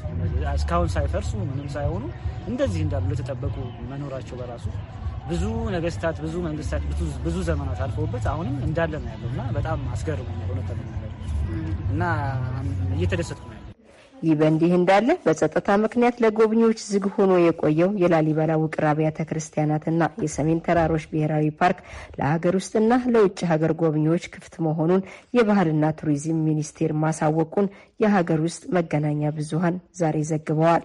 እስካሁን ሳይፈርሱ ምንም ሳይሆኑ እንደዚህ እንዳሉ የተጠበቁ መኖራቸው በራሱ ብዙ ነገስታት፣ ብዙ መንግስታት፣ ብዙ ዘመናት አልፈውበት አሁንም እንዳለ ነው ያለው እና በጣም አስገርሞ ነው እና እየተደሰትኩ ይህ በእንዲህ እንዳለ በጸጥታ ምክንያት ለጎብኚዎች ዝግ ሆኖ የቆየው የላሊበላ ውቅር አብያተ ክርስቲያናትና የሰሜን ተራሮች ብሔራዊ ፓርክ ለሀገር ውስጥና ለውጭ ሀገር ጎብኚዎች ክፍት መሆኑን የባህልና ቱሪዝም ሚኒስቴር ማሳወቁን የሀገር ውስጥ መገናኛ ብዙሀን ዛሬ ዘግበዋል።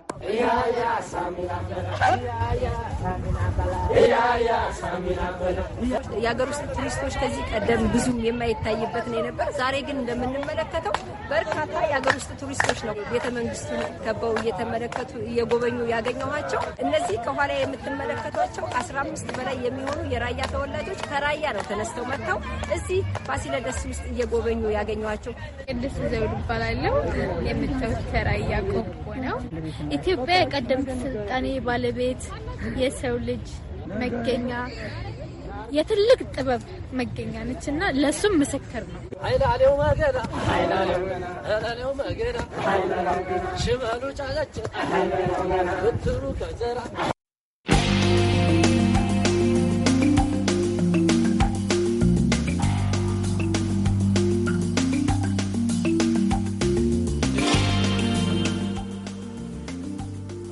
የሀገር ውስጥ ቱሪስቶች ከዚህ ቀደም ብዙ የማይታይበት ነው የነበር። ዛሬ ግን እንደምንመለከተው በርካታ የሀገር ውስጥ ቱሪስቶች ነው ቤተ መንግስቱን ከበው እየተመለከቱ እየጎበኙ ያገኘኋቸው። እነዚህ ከኋላ የምትመለከቷቸው አስራ አምስት በላይ የሚሆኑ የራያ ተወላጆች ከራያ ነው ተነስተው መጥተው እዚህ ፋሲለደስ ውስጥ እየጎበኙ ያገኘኋቸው። ቅድስት ዘውድ እባላለሁ። የምታዩት ከራያ ቆቦ ነው። ኢትዮጵያ የቀደምት ስልጣኔ ባለቤት የሰው ልጅ መገኛ የትልቅ ጥበብ መገኛ ነች እና ለሱም ምስክር ነው።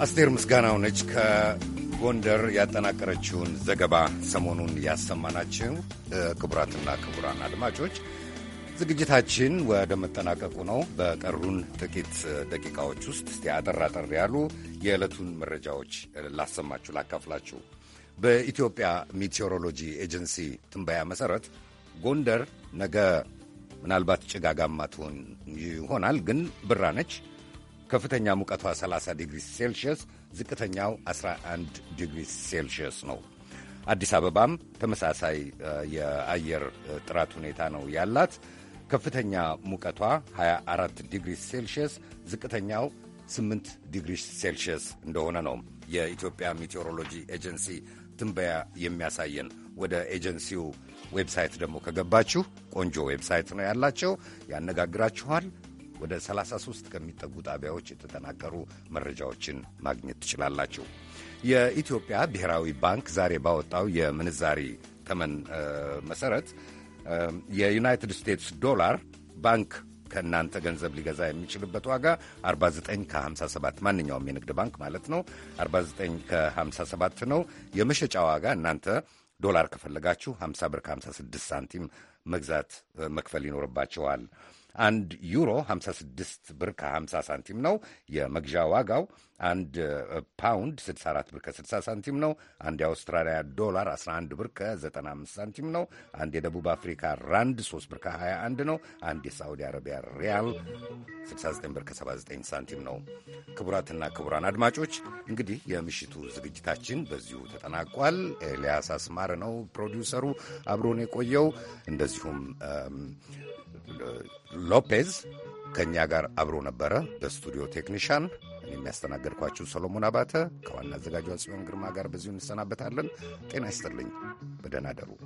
አስቴር ምስጋናው ነች። ጎንደር ያጠናቀረችውን ዘገባ ሰሞኑን ያሰማናችሁ ክቡራትና ክቡራን አድማጮች ዝግጅታችን ወደ መጠናቀቁ ነው። በቀሩን ጥቂት ደቂቃዎች ውስጥ እስቲ አጠር አጠር ያሉ የዕለቱን መረጃዎች ላሰማችሁ፣ ላካፍላችሁ። በኢትዮጵያ ሚቴዎሮሎጂ ኤጀንሲ ትንበያ መሠረት ጎንደር ነገ ምናልባት ጭጋጋማ ትሆን ይሆናል፣ ግን ብራ ነች። ከፍተኛ ሙቀቷ 30 ዲግሪ ሴልሺየስ ዝቅተኛው 11 ዲግሪ ሴልሺየስ ነው። አዲስ አበባም ተመሳሳይ የአየር ጥራት ሁኔታ ነው ያላት። ከፍተኛ ሙቀቷ 24 ዲግሪ ሴልሺየስ፣ ዝቅተኛው 8 ዲግሪ ሴልሺየስ እንደሆነ ነው የኢትዮጵያ ሜቴዎሮሎጂ ኤጀንሲ ትንበያ የሚያሳየን። ወደ ኤጀንሲው ዌብሳይት ደግሞ ከገባችሁ ቆንጆ ዌብሳይት ነው ያላቸው፣ ያነጋግራችኋል ወደ 33 ከሚጠጉ ጣቢያዎች የተጠናቀሩ መረጃዎችን ማግኘት ትችላላችሁ። የኢትዮጵያ ብሔራዊ ባንክ ዛሬ ባወጣው የምንዛሪ ተመን መሰረት የዩናይትድ ስቴትስ ዶላር ባንክ ከእናንተ ገንዘብ ሊገዛ የሚችልበት ዋጋ 49 ከ57 ማንኛውም የንግድ ባንክ ማለት ነው 49 ከ57 ነው። የመሸጫ ዋጋ እናንተ ዶላር ከፈለጋችሁ 50 ብር ከ56 ሳንቲም መግዛት መክፈል ይኖርባቸዋል። አንድ ዩሮ 56 ብር ከ50 ሳንቲም ነው። የመግዣ ዋጋው አንድ ፓውንድ 64 ብር ከ60 ሳንቲም ነው። አንድ የአውስትራሊያ ዶላር 11 ብር ከ95 ሳንቲም ነው። አንድ የደቡብ አፍሪካ ራንድ 3 ብር ከ21 ነው። አንድ የሳዑዲ አረቢያ ሪያል 69 ብር ከ79 ሳንቲም ነው። ክቡራትና ክቡራን አድማጮች እንግዲህ የምሽቱ ዝግጅታችን በዚሁ ተጠናቋል። ኤልያስ አስማር ነው ፕሮዲውሰሩ አብሮን የቆየው እንደዚሁም ሎፔዝ ከእኛ ጋር አብሮ ነበረ። በስቱዲዮ ቴክኒሻን የሚያስተናገድኳችሁ ሰሎሞን አባተ ከዋና አዘጋጇ ጽዮን ግርማ ጋር በዚሁ እንሰናበታለን። ጤና ይስጥልኝ። በደህና አደሩ።